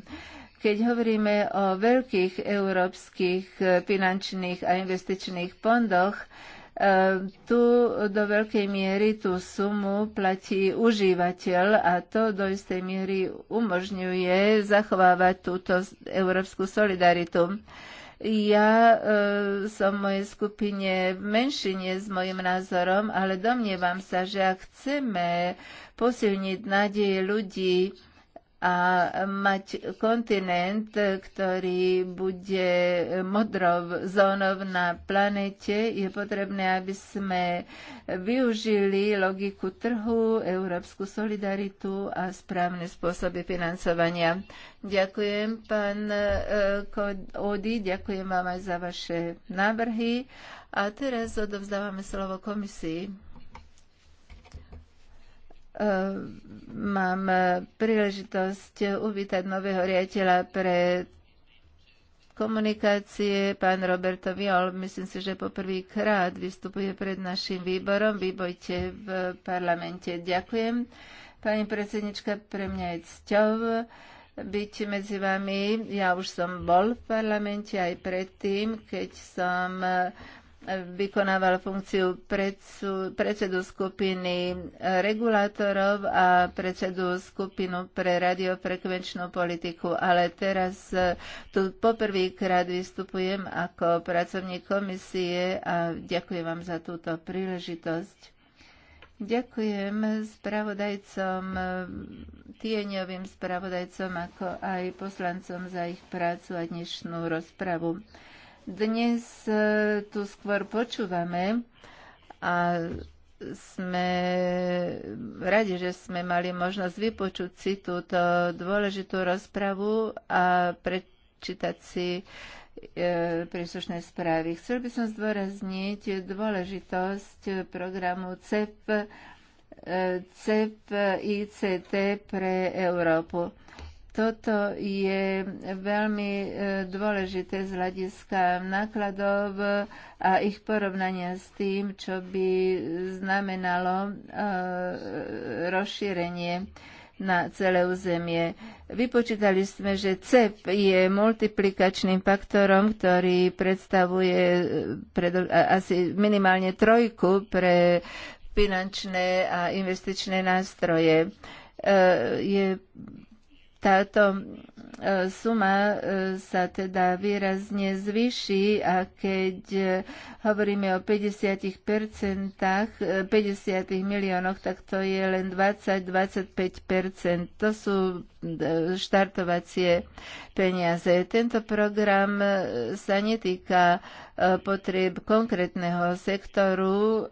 Keď hovoríme o veľkých európskych e, finančných a investičných fondoch, e, tu do veľkej miery tú sumu platí užívateľ a to do istej miery umožňuje zachovávať túto európsku solidaritu. Ja e, som v mojej skupine v menšine s mojim názorom, ale domnievam sa, že ak chceme posilniť nádeje ľudí, a mať kontinent, ktorý bude modrou zónou na planete, je potrebné, aby sme využili logiku trhu, európsku solidaritu a správne spôsoby financovania. Ďakujem, pán e, Ody, ďakujem vám aj za vaše návrhy. A teraz odovzdávame slovo komisii. Ehm, mám e, príležitosť uvítať nového riaditeľa pre komunikácie, pán Roberto Viol, myslím si, že poprvýkrát vystupuje pred našim výborom. Výbojte v parlamente. Ďakujem. Pani predsednička, pre mňa je cťou byť medzi vami. Ja už som bol v parlamente aj predtým, keď som vykonával funkciu predsu, predsedu skupiny e, regulátorov a predsedu skupinu pre radiofrekvenčnú politiku, ale teraz e, tu poprvýkrát vystupujem ako pracovník komisie a ďakujem vám za túto príležitosť. Ďakujem spravodajcom, e, tieňovým spravodajcom, ako aj poslancom za ich prácu a dnešnú rozpravu. Dnes e, tu skôr počúvame a sme radi, že sme mali možnosť vypočuť si túto dôležitú rozpravu a prečítať si e, príslušné správy. Chcel by som zdôrazniť dôležitosť programu CEP, e, CEP ICT pre Európu. Toto je veľmi e, dôležité z hľadiska nákladov a ich porovnania s tým, čo by znamenalo e, rozšírenie na celé územie. Vypočítali sme, že CEP je multiplikačným faktorom, ktorý predstavuje e, pred, asi minimálne trojku pre finančné a investičné nástroje. Je táto e, suma e, sa teda výrazne zvýši a keď e, hovoríme o 50 50 miliónoch, tak to je len 20-25 To sú štartovacie peniaze. Tento program sa netýka potrieb konkrétneho sektoru,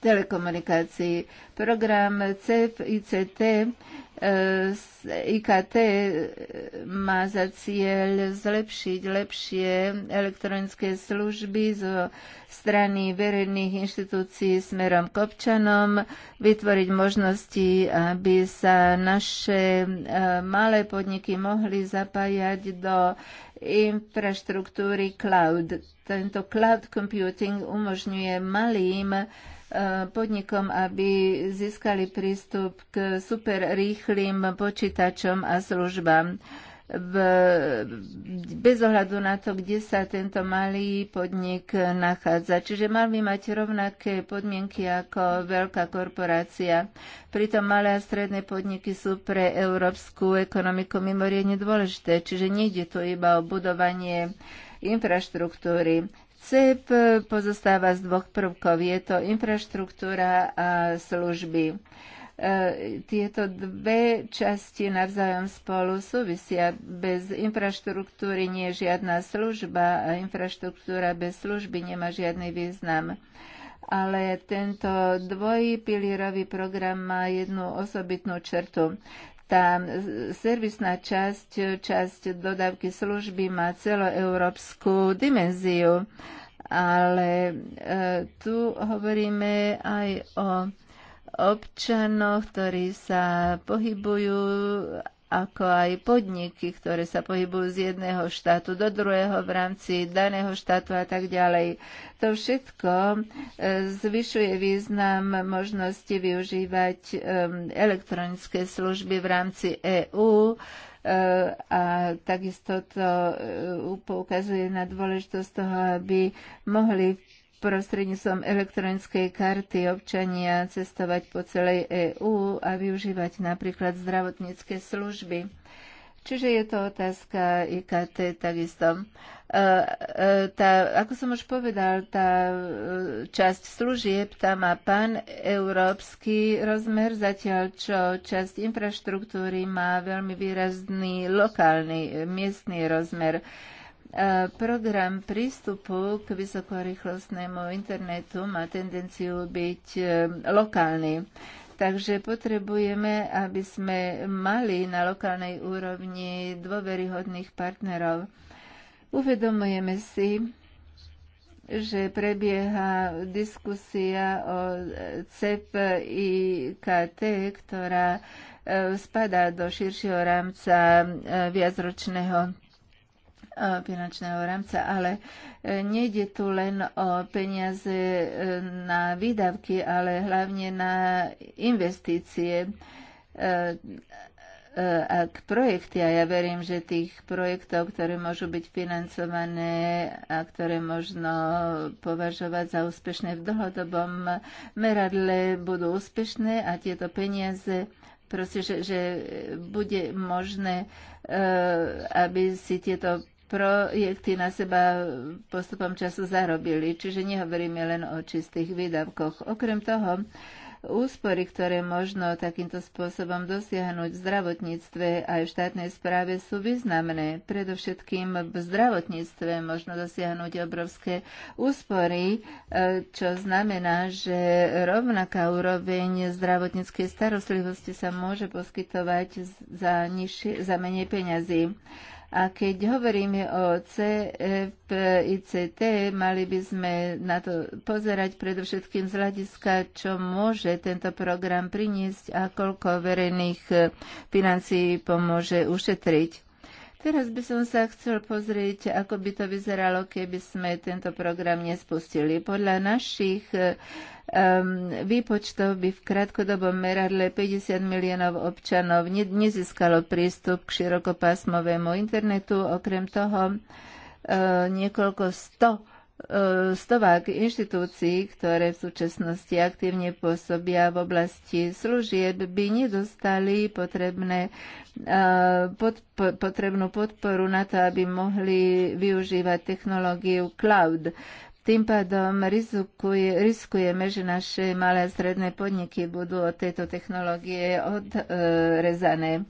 telekomunikácií. Program CEF ICT e, IKT e, má za cieľ zlepšiť lepšie elektronické služby zo strany verejných inštitúcií smerom k občanom, vytvoriť možnosti, aby sa naše e, malé podniky mohli zapájať do infraštruktúry cloud. Tento cloud computing umožňuje malým podnikom, aby získali prístup k rýchlým počítačom a službám. V, bez ohľadu na to, kde sa tento malý podnik nachádza. Čiže mal by mať rovnaké podmienky ako veľká korporácia. Pritom malé a stredné podniky sú pre európsku ekonomiku mimoriadne dôležité, čiže nejde tu iba o budovanie infraštruktúry. CEP pozostáva z dvoch prvkov. Je to infraštruktúra a služby. E, tieto dve časti navzájom spolu súvisia. Bez infraštruktúry nie je žiadna služba a infraštruktúra bez služby nemá žiadny význam ale tento dvojpilírový program má jednu osobitnú črtu tá servisná časť, časť dodávky služby má celoeurópsku dimenziu, ale e, tu hovoríme aj o občanoch, ktorí sa pohybujú ako aj podniky, ktoré sa pohybujú z jedného štátu do druhého v rámci daného štátu a tak ďalej. To všetko e, zvyšuje význam možnosti využívať e, elektronické služby v rámci EÚ e, a takisto to poukazuje na dôležitosť toho, aby mohli prostredníctvom elektronickej karty občania cestovať po celej EÚ a využívať napríklad zdravotnícke služby. Čiže je to otázka IKT takisto. E, e, tá, ako som už povedal, tá e, časť služieb, tam má pán európsky rozmer, zatiaľ čo časť infraštruktúry má veľmi výrazný lokálny, miestný rozmer. E, program prístupu k vysokorýchlostnému internetu má tendenciu byť e, lokálny. Takže potrebujeme, aby sme mali na lokálnej úrovni dôveryhodných partnerov. Uvedomujeme si, že prebieha diskusia o e, CEP IKT, ktorá spadá do širšieho rámca viacročného finančného rámca, ale e, nejde tu len o peniaze e, na výdavky, ale hlavne na investície e, k projekty, a ja verím, že tých projektov, ktoré môžu byť financované a ktoré možno považovať za úspešné v dlhodobom meradle, budú úspešné a tieto peniaze proste, že, že bude možné, aby si tieto projekty na seba postupom času zarobili. Čiže nehovoríme len o čistých výdavkoch. Okrem toho, úspory, ktoré možno takýmto spôsobom dosiahnuť v zdravotníctve aj v štátnej správe sú významné. Predovšetkým v zdravotníctve možno dosiahnuť obrovské úspory, e, čo znamená, že rovnaká úroveň zdravotníckej starostlivosti sa môže poskytovať za, nižšie, za menej peňazí. A keď hovoríme o T, mali by sme na to pozerať predovšetkým z hľadiska, čo môže tento program priniesť a koľko verejných eh, financií pomôže ušetriť. Teraz by som sa chcel pozrieť, ako by to vyzeralo, keby sme tento program nespustili. Podľa našich um, výpočtov by v krátkodobom meradle 50 miliónov občanov ne, nezískalo prístup k širokopásmovému internetu. Okrem toho uh, niekoľko sto E, stovák inštitúcií, ktoré v súčasnosti aktívne pôsobia v oblasti služieb, by nedostali potrebné, e, pod, potrebnú podporu na to, aby mohli využívať technológiu cloud. Tým pádom rizikuje, riskujeme, že naše malé a stredné podniky budú od tejto technológie odrezané.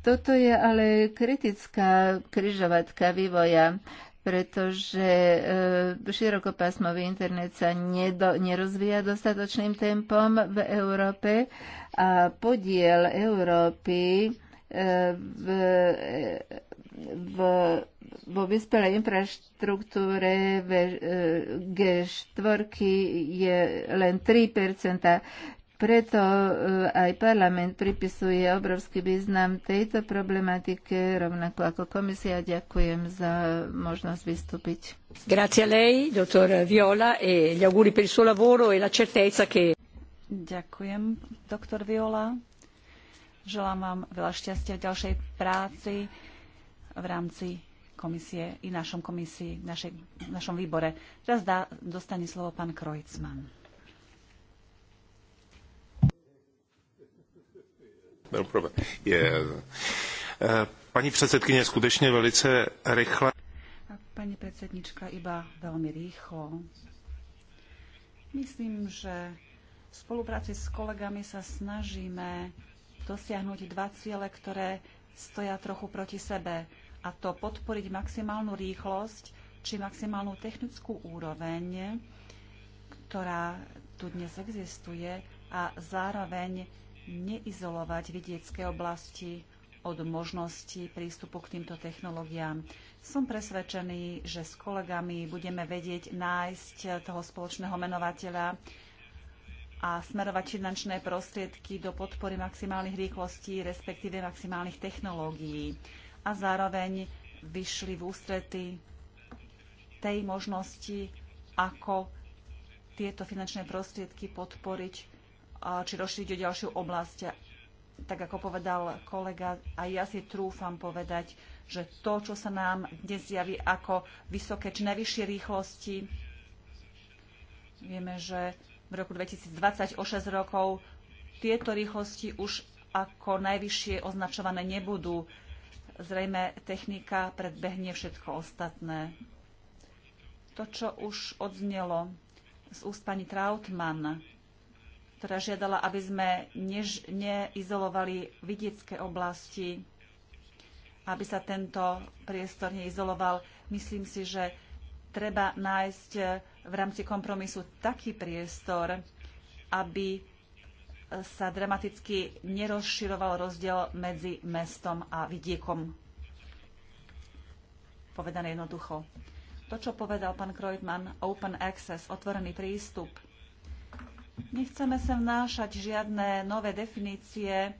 Toto je ale kritická kryžovatka vývoja pretože e, širokopásmový internet sa nedo, nerozvíja dostatočným tempom v Európe a podiel Európy e, v, e, v, vo vyspelej infraštruktúre v G4 je len 3%, preto eh, aj parlament pripisuje obrovský význam tejto problematike, rovnako ako komisia. Ďakujem za možnosť vystúpiť. Grazie a lei, dottor Viola, e gli auguri per il suo lavoro e la certezza che... Ďakujem, doktor Viola. Želám vám veľa šťastia v ďalšej práci v rámci komisie i našom komisii, našej, našom výbore. Teraz dá, dostane slovo pán Krojcman. no problem. Je. Eh, Pani predsedkynia, skutečne velice rýchle. Pani predsednička, iba veľmi rýchlo. Myslím, že v spolupráci s kolegami sa snažíme dosiahnuť dva ciele, ktoré stoja trochu proti sebe. A to podporiť maximálnu rýchlosť či maximálnu technickú úroveň, ktorá tu dnes existuje a zároveň neizolovať vidiecké oblasti od možnosti prístupu k týmto technológiám. Som presvedčený, že s kolegami budeme vedieť nájsť toho spoločného menovateľa a smerovať finančné prostriedky do podpory maximálnych rýchlostí, respektíve maximálnych technológií. A zároveň vyšli v ústrety tej možnosti, ako tieto finančné prostriedky podporiť či rozšíriť o ďalšiu oblasť. Tak ako povedal kolega, aj ja si trúfam povedať, že to, čo sa nám dnes javí ako vysoké či najvyššie rýchlosti, vieme, že v roku 2020 o 6 rokov tieto rýchlosti už ako najvyššie označované nebudú. Zrejme technika predbehne všetko ostatné. To, čo už odznelo z úst pani Trautmann, ktorá žiadala, aby sme než, neizolovali vidiecké oblasti, aby sa tento priestor neizoloval. Myslím si, že treba nájsť eh, v rámci kompromisu taký priestor, aby eh, sa dramaticky nerozširoval rozdiel medzi mestom a vidiekom. Povedané jednoducho. To, čo povedal pán Kreutmann, open access, otvorený prístup – Nechceme sem vnášať žiadne nové definície,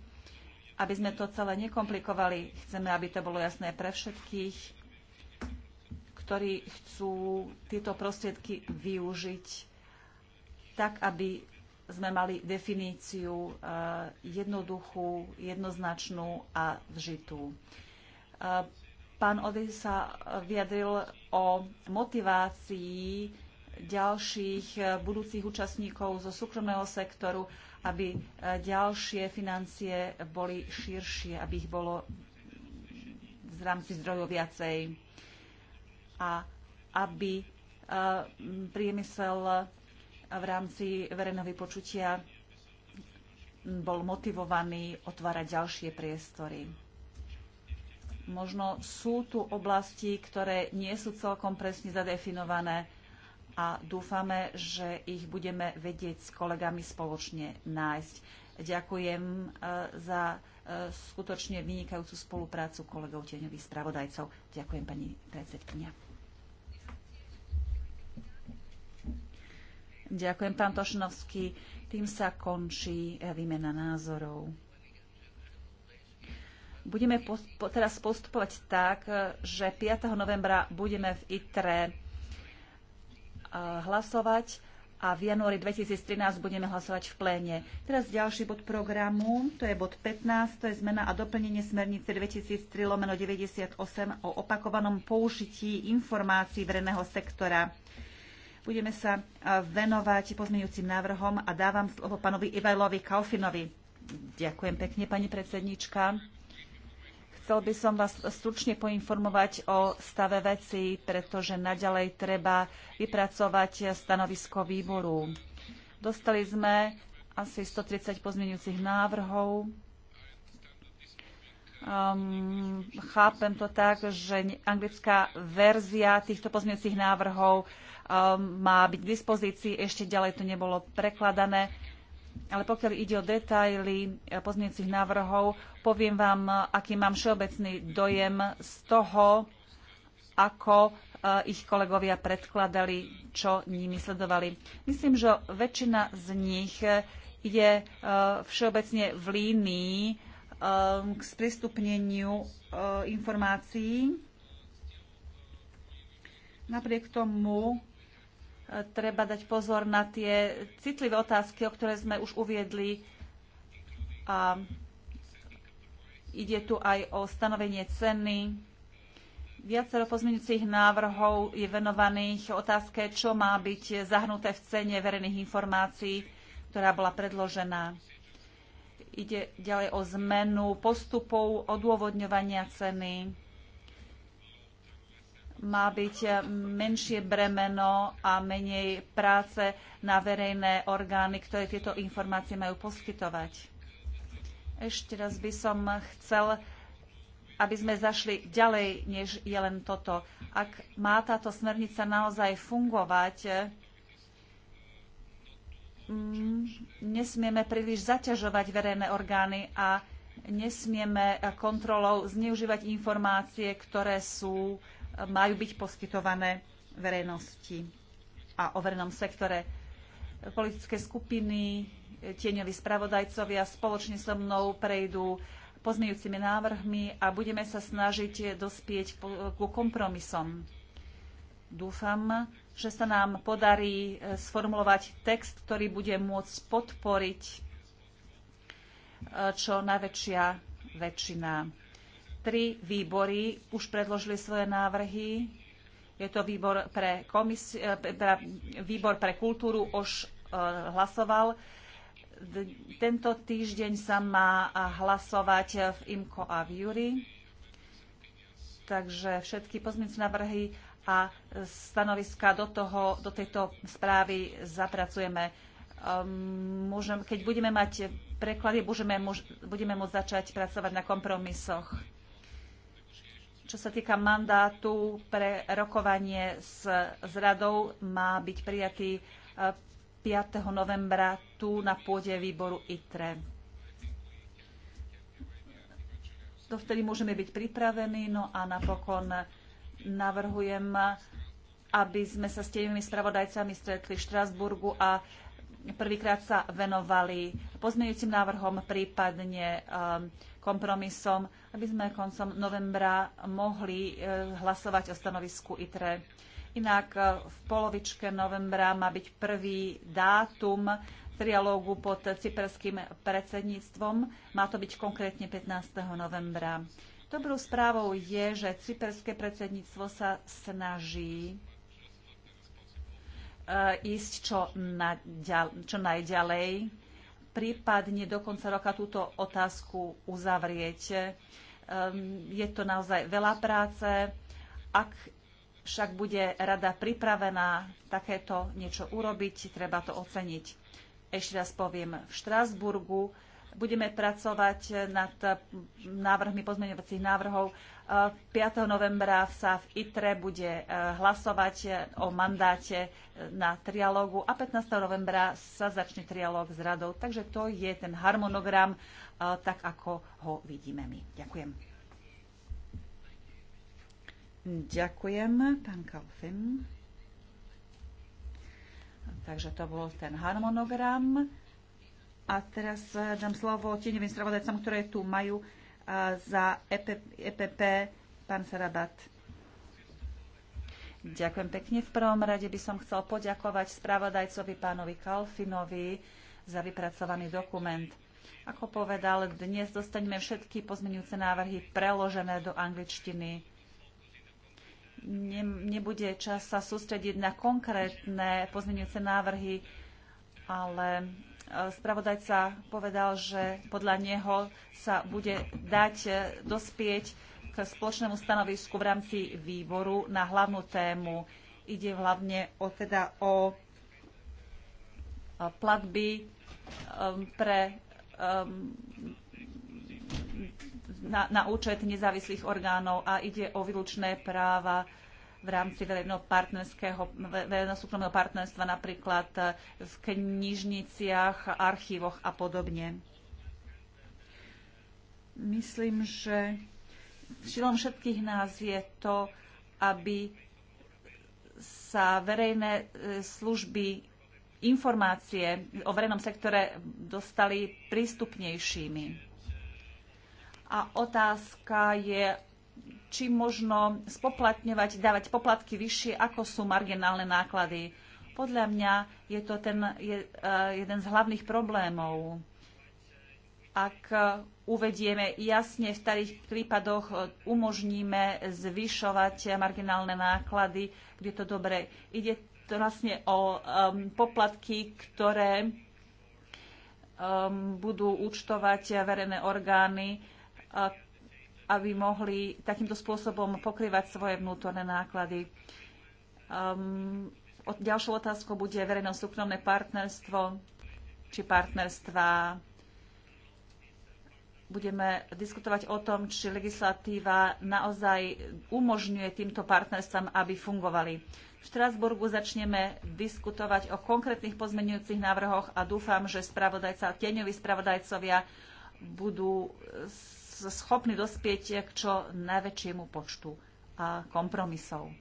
aby sme to celé nekomplikovali. Chceme, aby to bolo jasné pre všetkých, ktorí chcú tieto prostriedky využiť tak, aby sme mali definíciu e, jednoduchú, jednoznačnú a vžitú. E, pán Ody sa vyjadril o motivácii ďalších eh, budúcich účastníkov zo súkromného sektoru, aby eh, ďalšie financie boli širšie, aby ich bolo v rámci zdrojov viacej a aby eh, priemysel v rámci verejného vypočutia bol motivovaný otvárať ďalšie priestory. Možno sú tu oblasti, ktoré nie sú celkom presne zadefinované a dúfame, že ich budeme vedieť s kolegami spoločne nájsť. Ďakujem e, za e, skutočne vynikajúcu spoluprácu kolegov tieňových spravodajcov. Ďakujem pani predsedkynia. Ďakujem pán Tošinovský. Tým sa končí e, výmena názorov. Budeme teraz postupovať tak, že 5. novembra budeme v ITRE Eh, hlasovať a v januári 2013 budeme hlasovať v pléne. Teraz ďalší bod programu, to je bod 15, to je zmena a doplnenie smernice 2003 lomeno 98 o opakovanom použití informácií verejného sektora. Budeme sa eh, venovať pozmeňujúcim návrhom a dávam slovo pánovi Ivajlovi Kaufinovi. Ďakujem pekne, pani predsednička. Chcel by som vás stručne poinformovať o stave veci, pretože naďalej treba vypracovať stanovisko výboru. Dostali sme asi 130 pozmeňujúcich návrhov. Um, chápem to tak, že anglická verzia týchto pozmeňujúcich návrhov um, má byť k dispozícii. Ešte ďalej to nebolo prekladané ale pokiaľ ide o detaily e, pozmeňujúcich návrhov, poviem vám, e, aký mám všeobecný dojem z toho, ako e, ich kolegovia predkladali, čo nimi sledovali. Myslím, že väčšina z nich je všeobecne v línii k sprístupneniu informácií. Napriek tomu treba dať pozor na tie citlivé otázky, o ktoré sme už uviedli. A ide tu aj o stanovenie ceny. Viacero pozmeňujúcich návrhov je venovaných otázke, čo má byť zahnuté v cene verejných informácií, ktorá bola predložená. Ide ďalej o zmenu postupov odôvodňovania ceny má byť menšie bremeno a menej práce na verejné orgány, ktoré tieto informácie majú poskytovať. Ešte raz by som chcel, aby sme zašli ďalej, než je len toto. Ak má táto smernica naozaj fungovať, mm, nesmieme príliš zaťažovať verejné orgány a nesmieme kontrolou zneužívať informácie, ktoré sú majú byť poskytované verejnosti a o verejnom sektore. Politické skupiny, tieňoví spravodajcovia spoločne so mnou prejdú pozmejúcimi návrhmi a budeme sa snažiť dospieť ku kompromisom. Dúfam, že sa nám podarí e, sformulovať text, ktorý bude môcť podporiť e, čo najväčšia väčšina Tri výbory už predložili svoje návrhy. Je to výbor pre, komisi- eh, výbor pre kultúru, už eh, hlasoval. Tento týždeň sa má eh, hlasovať v IMCO a v Júri. Takže všetky pozmienci návrhy a stanoviska do, toho, do tejto správy zapracujeme. Ehm, môžem, keď budeme mať preklady, budeme môcť začať pracovať na kompromisoch čo sa týka mandátu pre rokovanie s, s radou, má byť prijatý 5. E, novembra tu na pôde výboru ITRE. Dovtedy môžeme byť pripravení, no a napokon navrhujem, aby sme sa s tými spravodajcami stretli v Štrasburgu a prvýkrát sa venovali pozmeňujúcim návrhom, prípadne um, kompromisom, aby sme koncom novembra mohli e, hlasovať o stanovisku ITRE. Inak e, v polovičke novembra má byť prvý dátum trialógu pod cyperským predsedníctvom. Má to byť konkrétne 15. novembra. Dobrou správou je, že cyperské predsedníctvo sa snaží e, ísť čo, na, čo najďalej prípadne do konca roka túto otázku uzavrieť. Ehm, je to naozaj veľa práce. Ak však bude rada pripravená takéto niečo urobiť, treba to oceniť. Ešte raz poviem, v Štrásburgu Budeme pracovať nad návrhmi pozmeňovacích návrhov. 5. novembra sa v ITRE bude eh, hlasovať eh, o mandáte eh, na trialógu a 15. novembra sa začne trialóg s radou. Takže to je ten harmonogram, tak ako ho vidíme my. Ďakujem. Ďakujem, pán Kalfin. Takže to bol ten harmonogram. A teraz eh, dám slovo tieňovým spravodajcom, ktoré tu majú eh, za EPP, e pán Sarabat. Ďakujem pekne. V prvom rade by som chcel poďakovať spravodajcovi pánovi Kalfinovi za vypracovaný dokument. Ako povedal, dnes dostaneme všetky pozmenujúce návrhy preložené do angličtiny ne, nebude čas sa sústrediť na konkrétne pozmenujúce návrhy, ale Spravodajca povedal, že podľa neho sa bude dať e, dospieť k spoločnému stanovisku v rámci výboru na hlavnú tému. Ide hlavne o, teda o e, platby e, pre na, na účet nezávislých orgánov a ide o výlučné práva v rámci verejného verejného súkromného partnerstva, napríklad eh, v knižniciach, archívoch a podobne. Myslím, že cieľom všetkých nás je to, aby sa verejné eh, služby, informácie o verejnom sektore dostali prístupnejšími. A otázka je či možno spoplatňovať, dávať poplatky vyššie, ako sú marginálne náklady. Podľa mňa je to ten, je, e, jeden z hlavných problémov. Ak e, uvedieme jasne, v starých prípadoch e, umožníme zvyšovať marginálne náklady, kde to dobre. Ide to vlastne o um, poplatky, ktoré um, budú účtovať verejné orgány, aby mohli takýmto spôsobom pokrývať svoje vnútorné náklady. Um, od, ďalšou otázkou bude verejno-súkromné partnerstvo či partnerstva. Budeme diskutovať o tom, či legislatíva naozaj umožňuje týmto partnerstvám, aby fungovali. V Štrásburgu začneme diskutovať o konkrétnych pozmenujúcich návrhoch a dúfam, že spravodajca, tieňoví spravodajcovia budú schopní dospieť k čo najväčšiemu počtu kompromisov.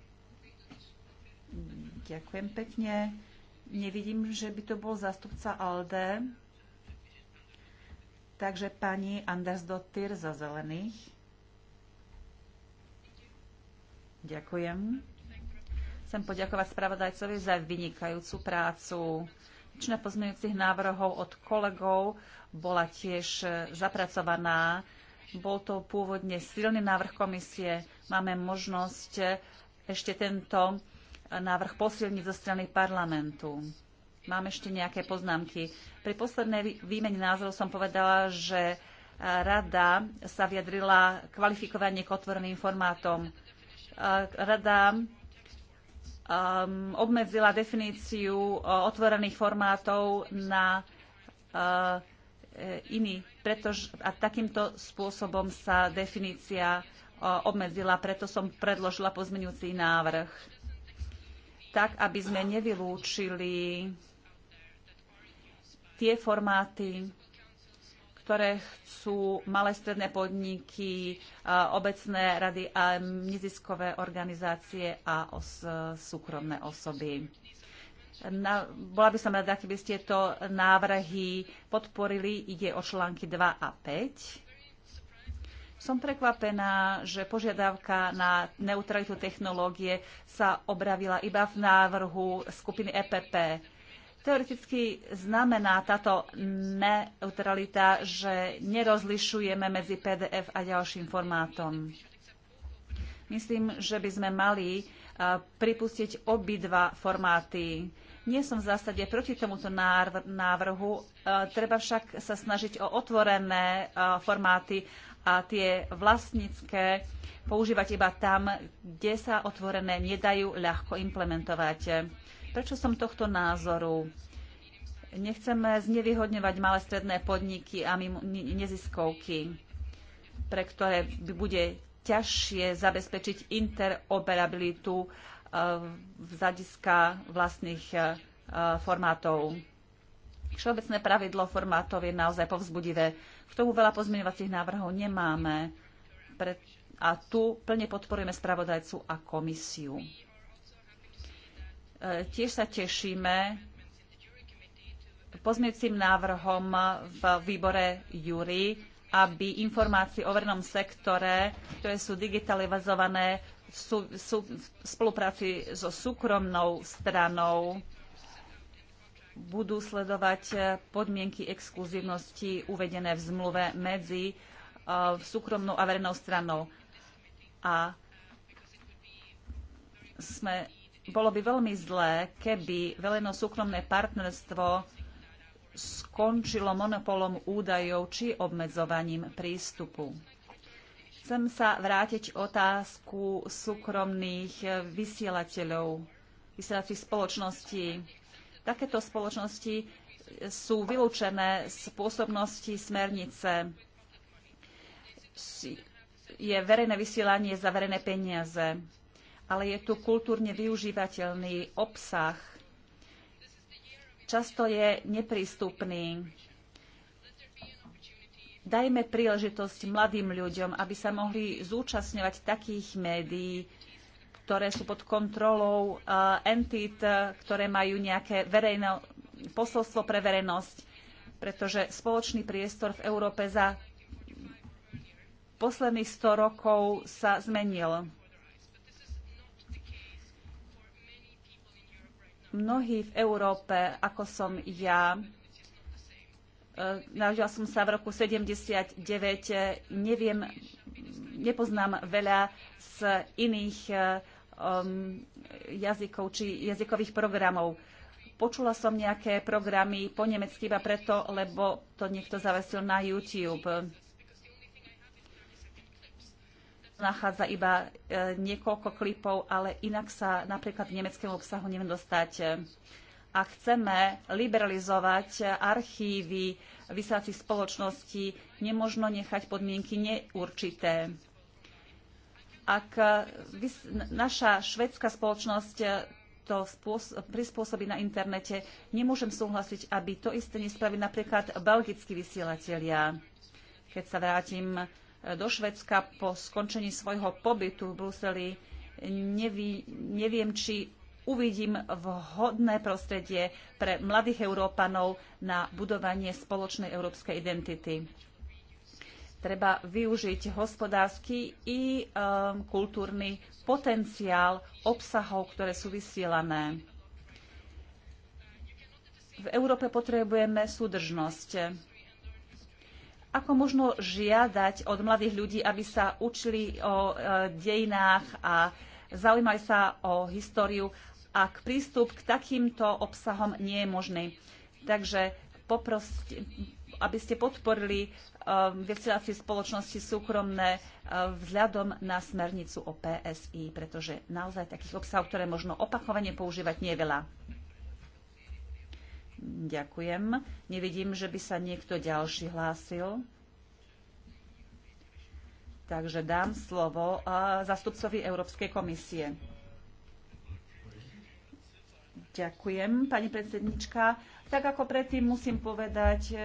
Ďakujem pekne. Nevidím, že by to bol zástupca ALDE. Takže pani Anders Dottir za zelených. Ďakujem. Chcem poďakovať spravodajcovi za vynikajúcu prácu. Väčšina pozmeňujúcich návrhov od kolegov bola tiež e, zapracovaná bol to pôvodne silný návrh komisie. Máme možnosť ešte tento návrh posilniť zo strany parlamentu. Mám ešte nejaké poznámky. Pri poslednej výmene názorov som povedala, že rada sa vyjadrila kvalifikovanie k otvoreným formátom. Rada um, obmedzila definíciu uh, otvorených formátov na uh, E, iný. a takýmto spôsobom sa definícia e, obmedzila, preto som predložila pozmeňujúci návrh. Tak, aby sme nevylúčili tie formáty, ktoré chcú malé stredné podniky, e, obecné rady a neziskové organizácie a súkromné osoby. Na, bola by som rada, keby ste to návrhy podporili. Ide o články 2 a 5. Som prekvapená, že požiadavka na neutralitu technológie sa obravila iba v návrhu skupiny EPP. Teoreticky znamená táto neutralita, že nerozlišujeme medzi PDF a ďalším formátom. Myslím, že by sme mali pripustiť obidva formáty. Nie som v zásade proti tomuto návrhu, e, treba však sa snažiť o otvorené e, formáty a tie vlastnícke používať iba tam, kde sa otvorené nedajú ľahko implementovať. Prečo som tohto názoru? Nechceme znevýhodňovať malé stredné podniky a neziskovky, pre ktoré by bude ťažšie zabezpečiť interoperabilitu eh, z hľadiska vlastných eh, eh, formátov. Všeobecné pravidlo formátov je naozaj povzbudivé. K tomu veľa pozmeňovacích návrhov nemáme a tu plne podporujeme spravodajcu a komisiu. Tiež sa tešíme pozmeňujúcim návrhom v výbore Júri aby informácie o verejnom sektore, ktoré sú digitalizované v, sú, sú, v spolupráci so súkromnou stranou, budú sledovať eh, podmienky exkluzívnosti uvedené v zmluve medzi uh, súkromnou a verejnou stranou. A sme, bolo by veľmi zlé, keby verejno-súkromné partnerstvo skončilo monopolom údajov či obmedzovaním prístupu. Chcem sa vrátiť otázku súkromných vysielateľov, vysielacích spoločností. Takéto spoločnosti sú vylúčené z pôsobnosti smernice. Je verejné vysielanie za verejné peniaze, ale je tu kultúrne využívateľný obsah často je neprístupný. Dajme príležitosť mladým ľuďom, aby sa mohli zúčastňovať takých médií, ktoré sú pod kontrolou entit, eh, entít, ktoré majú nejaké verejné posolstvo pre verejnosť, pretože spoločný priestor v Európe za posledných 100 rokov sa zmenil. Mnohí v Európe, ako som ja, e, narodila som sa v roku 79, e, neviem, nepoznám veľa z iných e, um, jazykov či jazykových programov. Počula som nejaké programy po nemecky iba preto, lebo to niekto zavesil na YouTube nachádza iba e, niekoľko klipov, ale inak sa napríklad k nemeckému obsahu neviem dostať. A chceme liberalizovať archívy vysielacích spoločností, nemožno nechať podmienky neurčité. Ak e, naša švedská spoločnosť e, to prispôsobí na internete, nemôžem súhlasiť, aby to isté nespravili napríklad belgickí vysielatelia. Keď sa vrátim do Švedska po skončení svojho pobytu v Bruseli. neviem, či uvidím vhodné prostredie pre mladých Európanov na budovanie spoločnej európskej identity. Treba využiť hospodársky i um, kultúrny potenciál obsahov, ktoré sú vysielané. V Európe potrebujeme súdržnosť ako možno žiadať od mladých ľudí, aby sa učili o e, dejinách a zaujímali sa o históriu, ak prístup k takýmto obsahom nie je možný. Takže poproste, aby ste podporili e, vysielacie spoločnosti súkromné e, vzhľadom na smernicu o PSI, pretože naozaj takých obsahov, ktoré možno opakovane používať, nie je veľa. Ďakujem. Nevidím, že by sa niekto ďalší hlásil. Takže dám slovo zastupcovi Európskej komisie. Ďakujem, pani predsednička. Tak ako predtým musím povedať,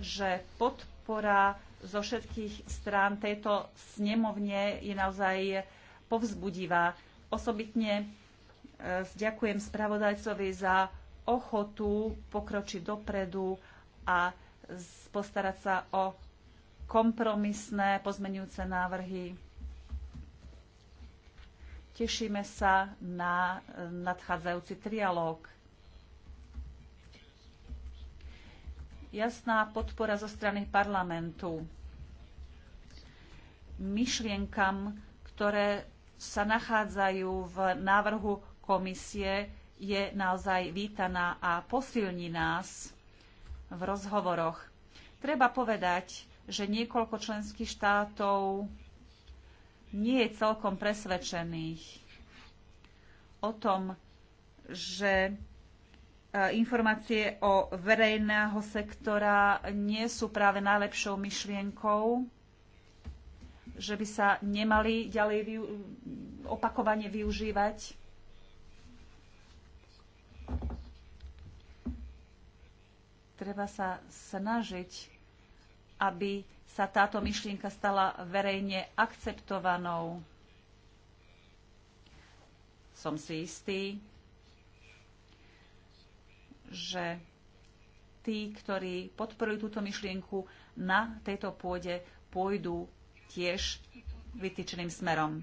že podpora zo všetkých strán tejto snemovne je naozaj povzbudivá. Osobitne e, ďakujem spravodajcovi za ochotu pokročiť dopredu a postarať sa o kompromisné pozmenujúce návrhy. Tešíme sa na e, nadchádzajúci trialóg. Jasná podpora zo strany parlamentu myšlienkam, ktoré sa nachádzajú v návrhu komisie, je naozaj vítaná a posilní nás v rozhovoroch. Treba povedať, že niekoľko členských štátov nie je celkom presvedčených o tom, že e, informácie o verejného sektora nie sú práve najlepšou myšlienkou, že by sa nemali ďalej opakovane využívať Treba sa snažiť, aby sa táto myšlienka stala verejne akceptovanou. Som si istý, že tí, ktorí podporujú túto myšlienku na tejto pôde, pôjdu tiež vytýčeným smerom.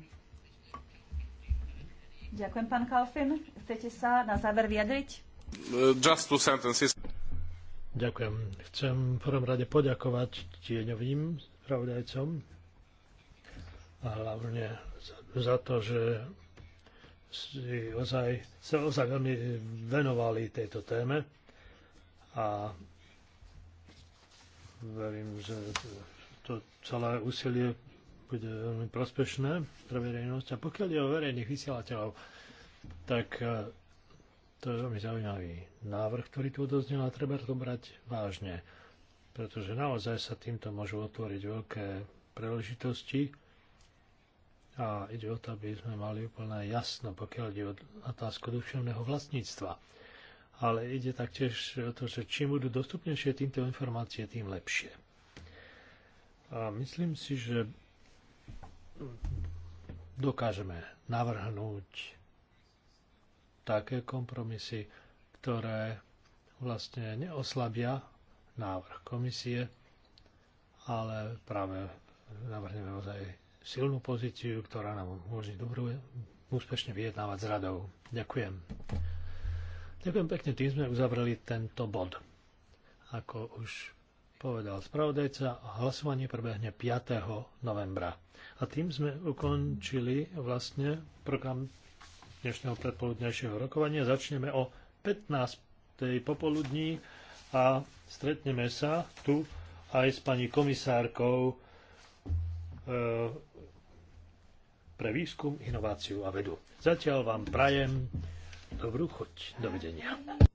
Ďakujem, pán Kalfin. Chcete sa na záver vyjadriť? Just two sentences. Ďakujem. Chcem v prvom rade poďakovať tieňovým spravodajcom a hlavne za to, že si ozaj, sa ozaj veľmi venovali tejto téme a verím, že to celé úsilie bude veľmi prospešné pre verejnosť. A pokiaľ je o verejných vysielateľov, tak to je veľmi zaujímavý návrh, ktorý tu odoznel a treba to brať vážne, pretože naozaj sa týmto môžu otvoriť veľké príležitosti a ide o to, aby sme mali úplne jasno, pokiaľ ide o otázku duševného vlastníctva. Ale ide taktiež o to, že čím budú dostupnejšie týmto informácie, tým lepšie. A myslím si, že dokážeme navrhnúť také kompromisy, ktoré vlastne neoslabia návrh komisie, ale práve navrhneme naozaj silnú pozíciu, ktorá nám umožní dobrú, úspešne vyjednávať s radou. Ďakujem. Ďakujem pekne, tým sme uzavreli tento bod. Ako už povedal spravodajca, hlasovanie prebehne 5. novembra. A tým sme ukončili vlastne program dnešného predpoludnejšieho rokovania. Začneme o 15. popoludní a stretneme sa tu aj s pani komisárkou eh, pre výskum, inováciu a vedu. Zatiaľ vám prajem dobrú chuť. Dovidenia.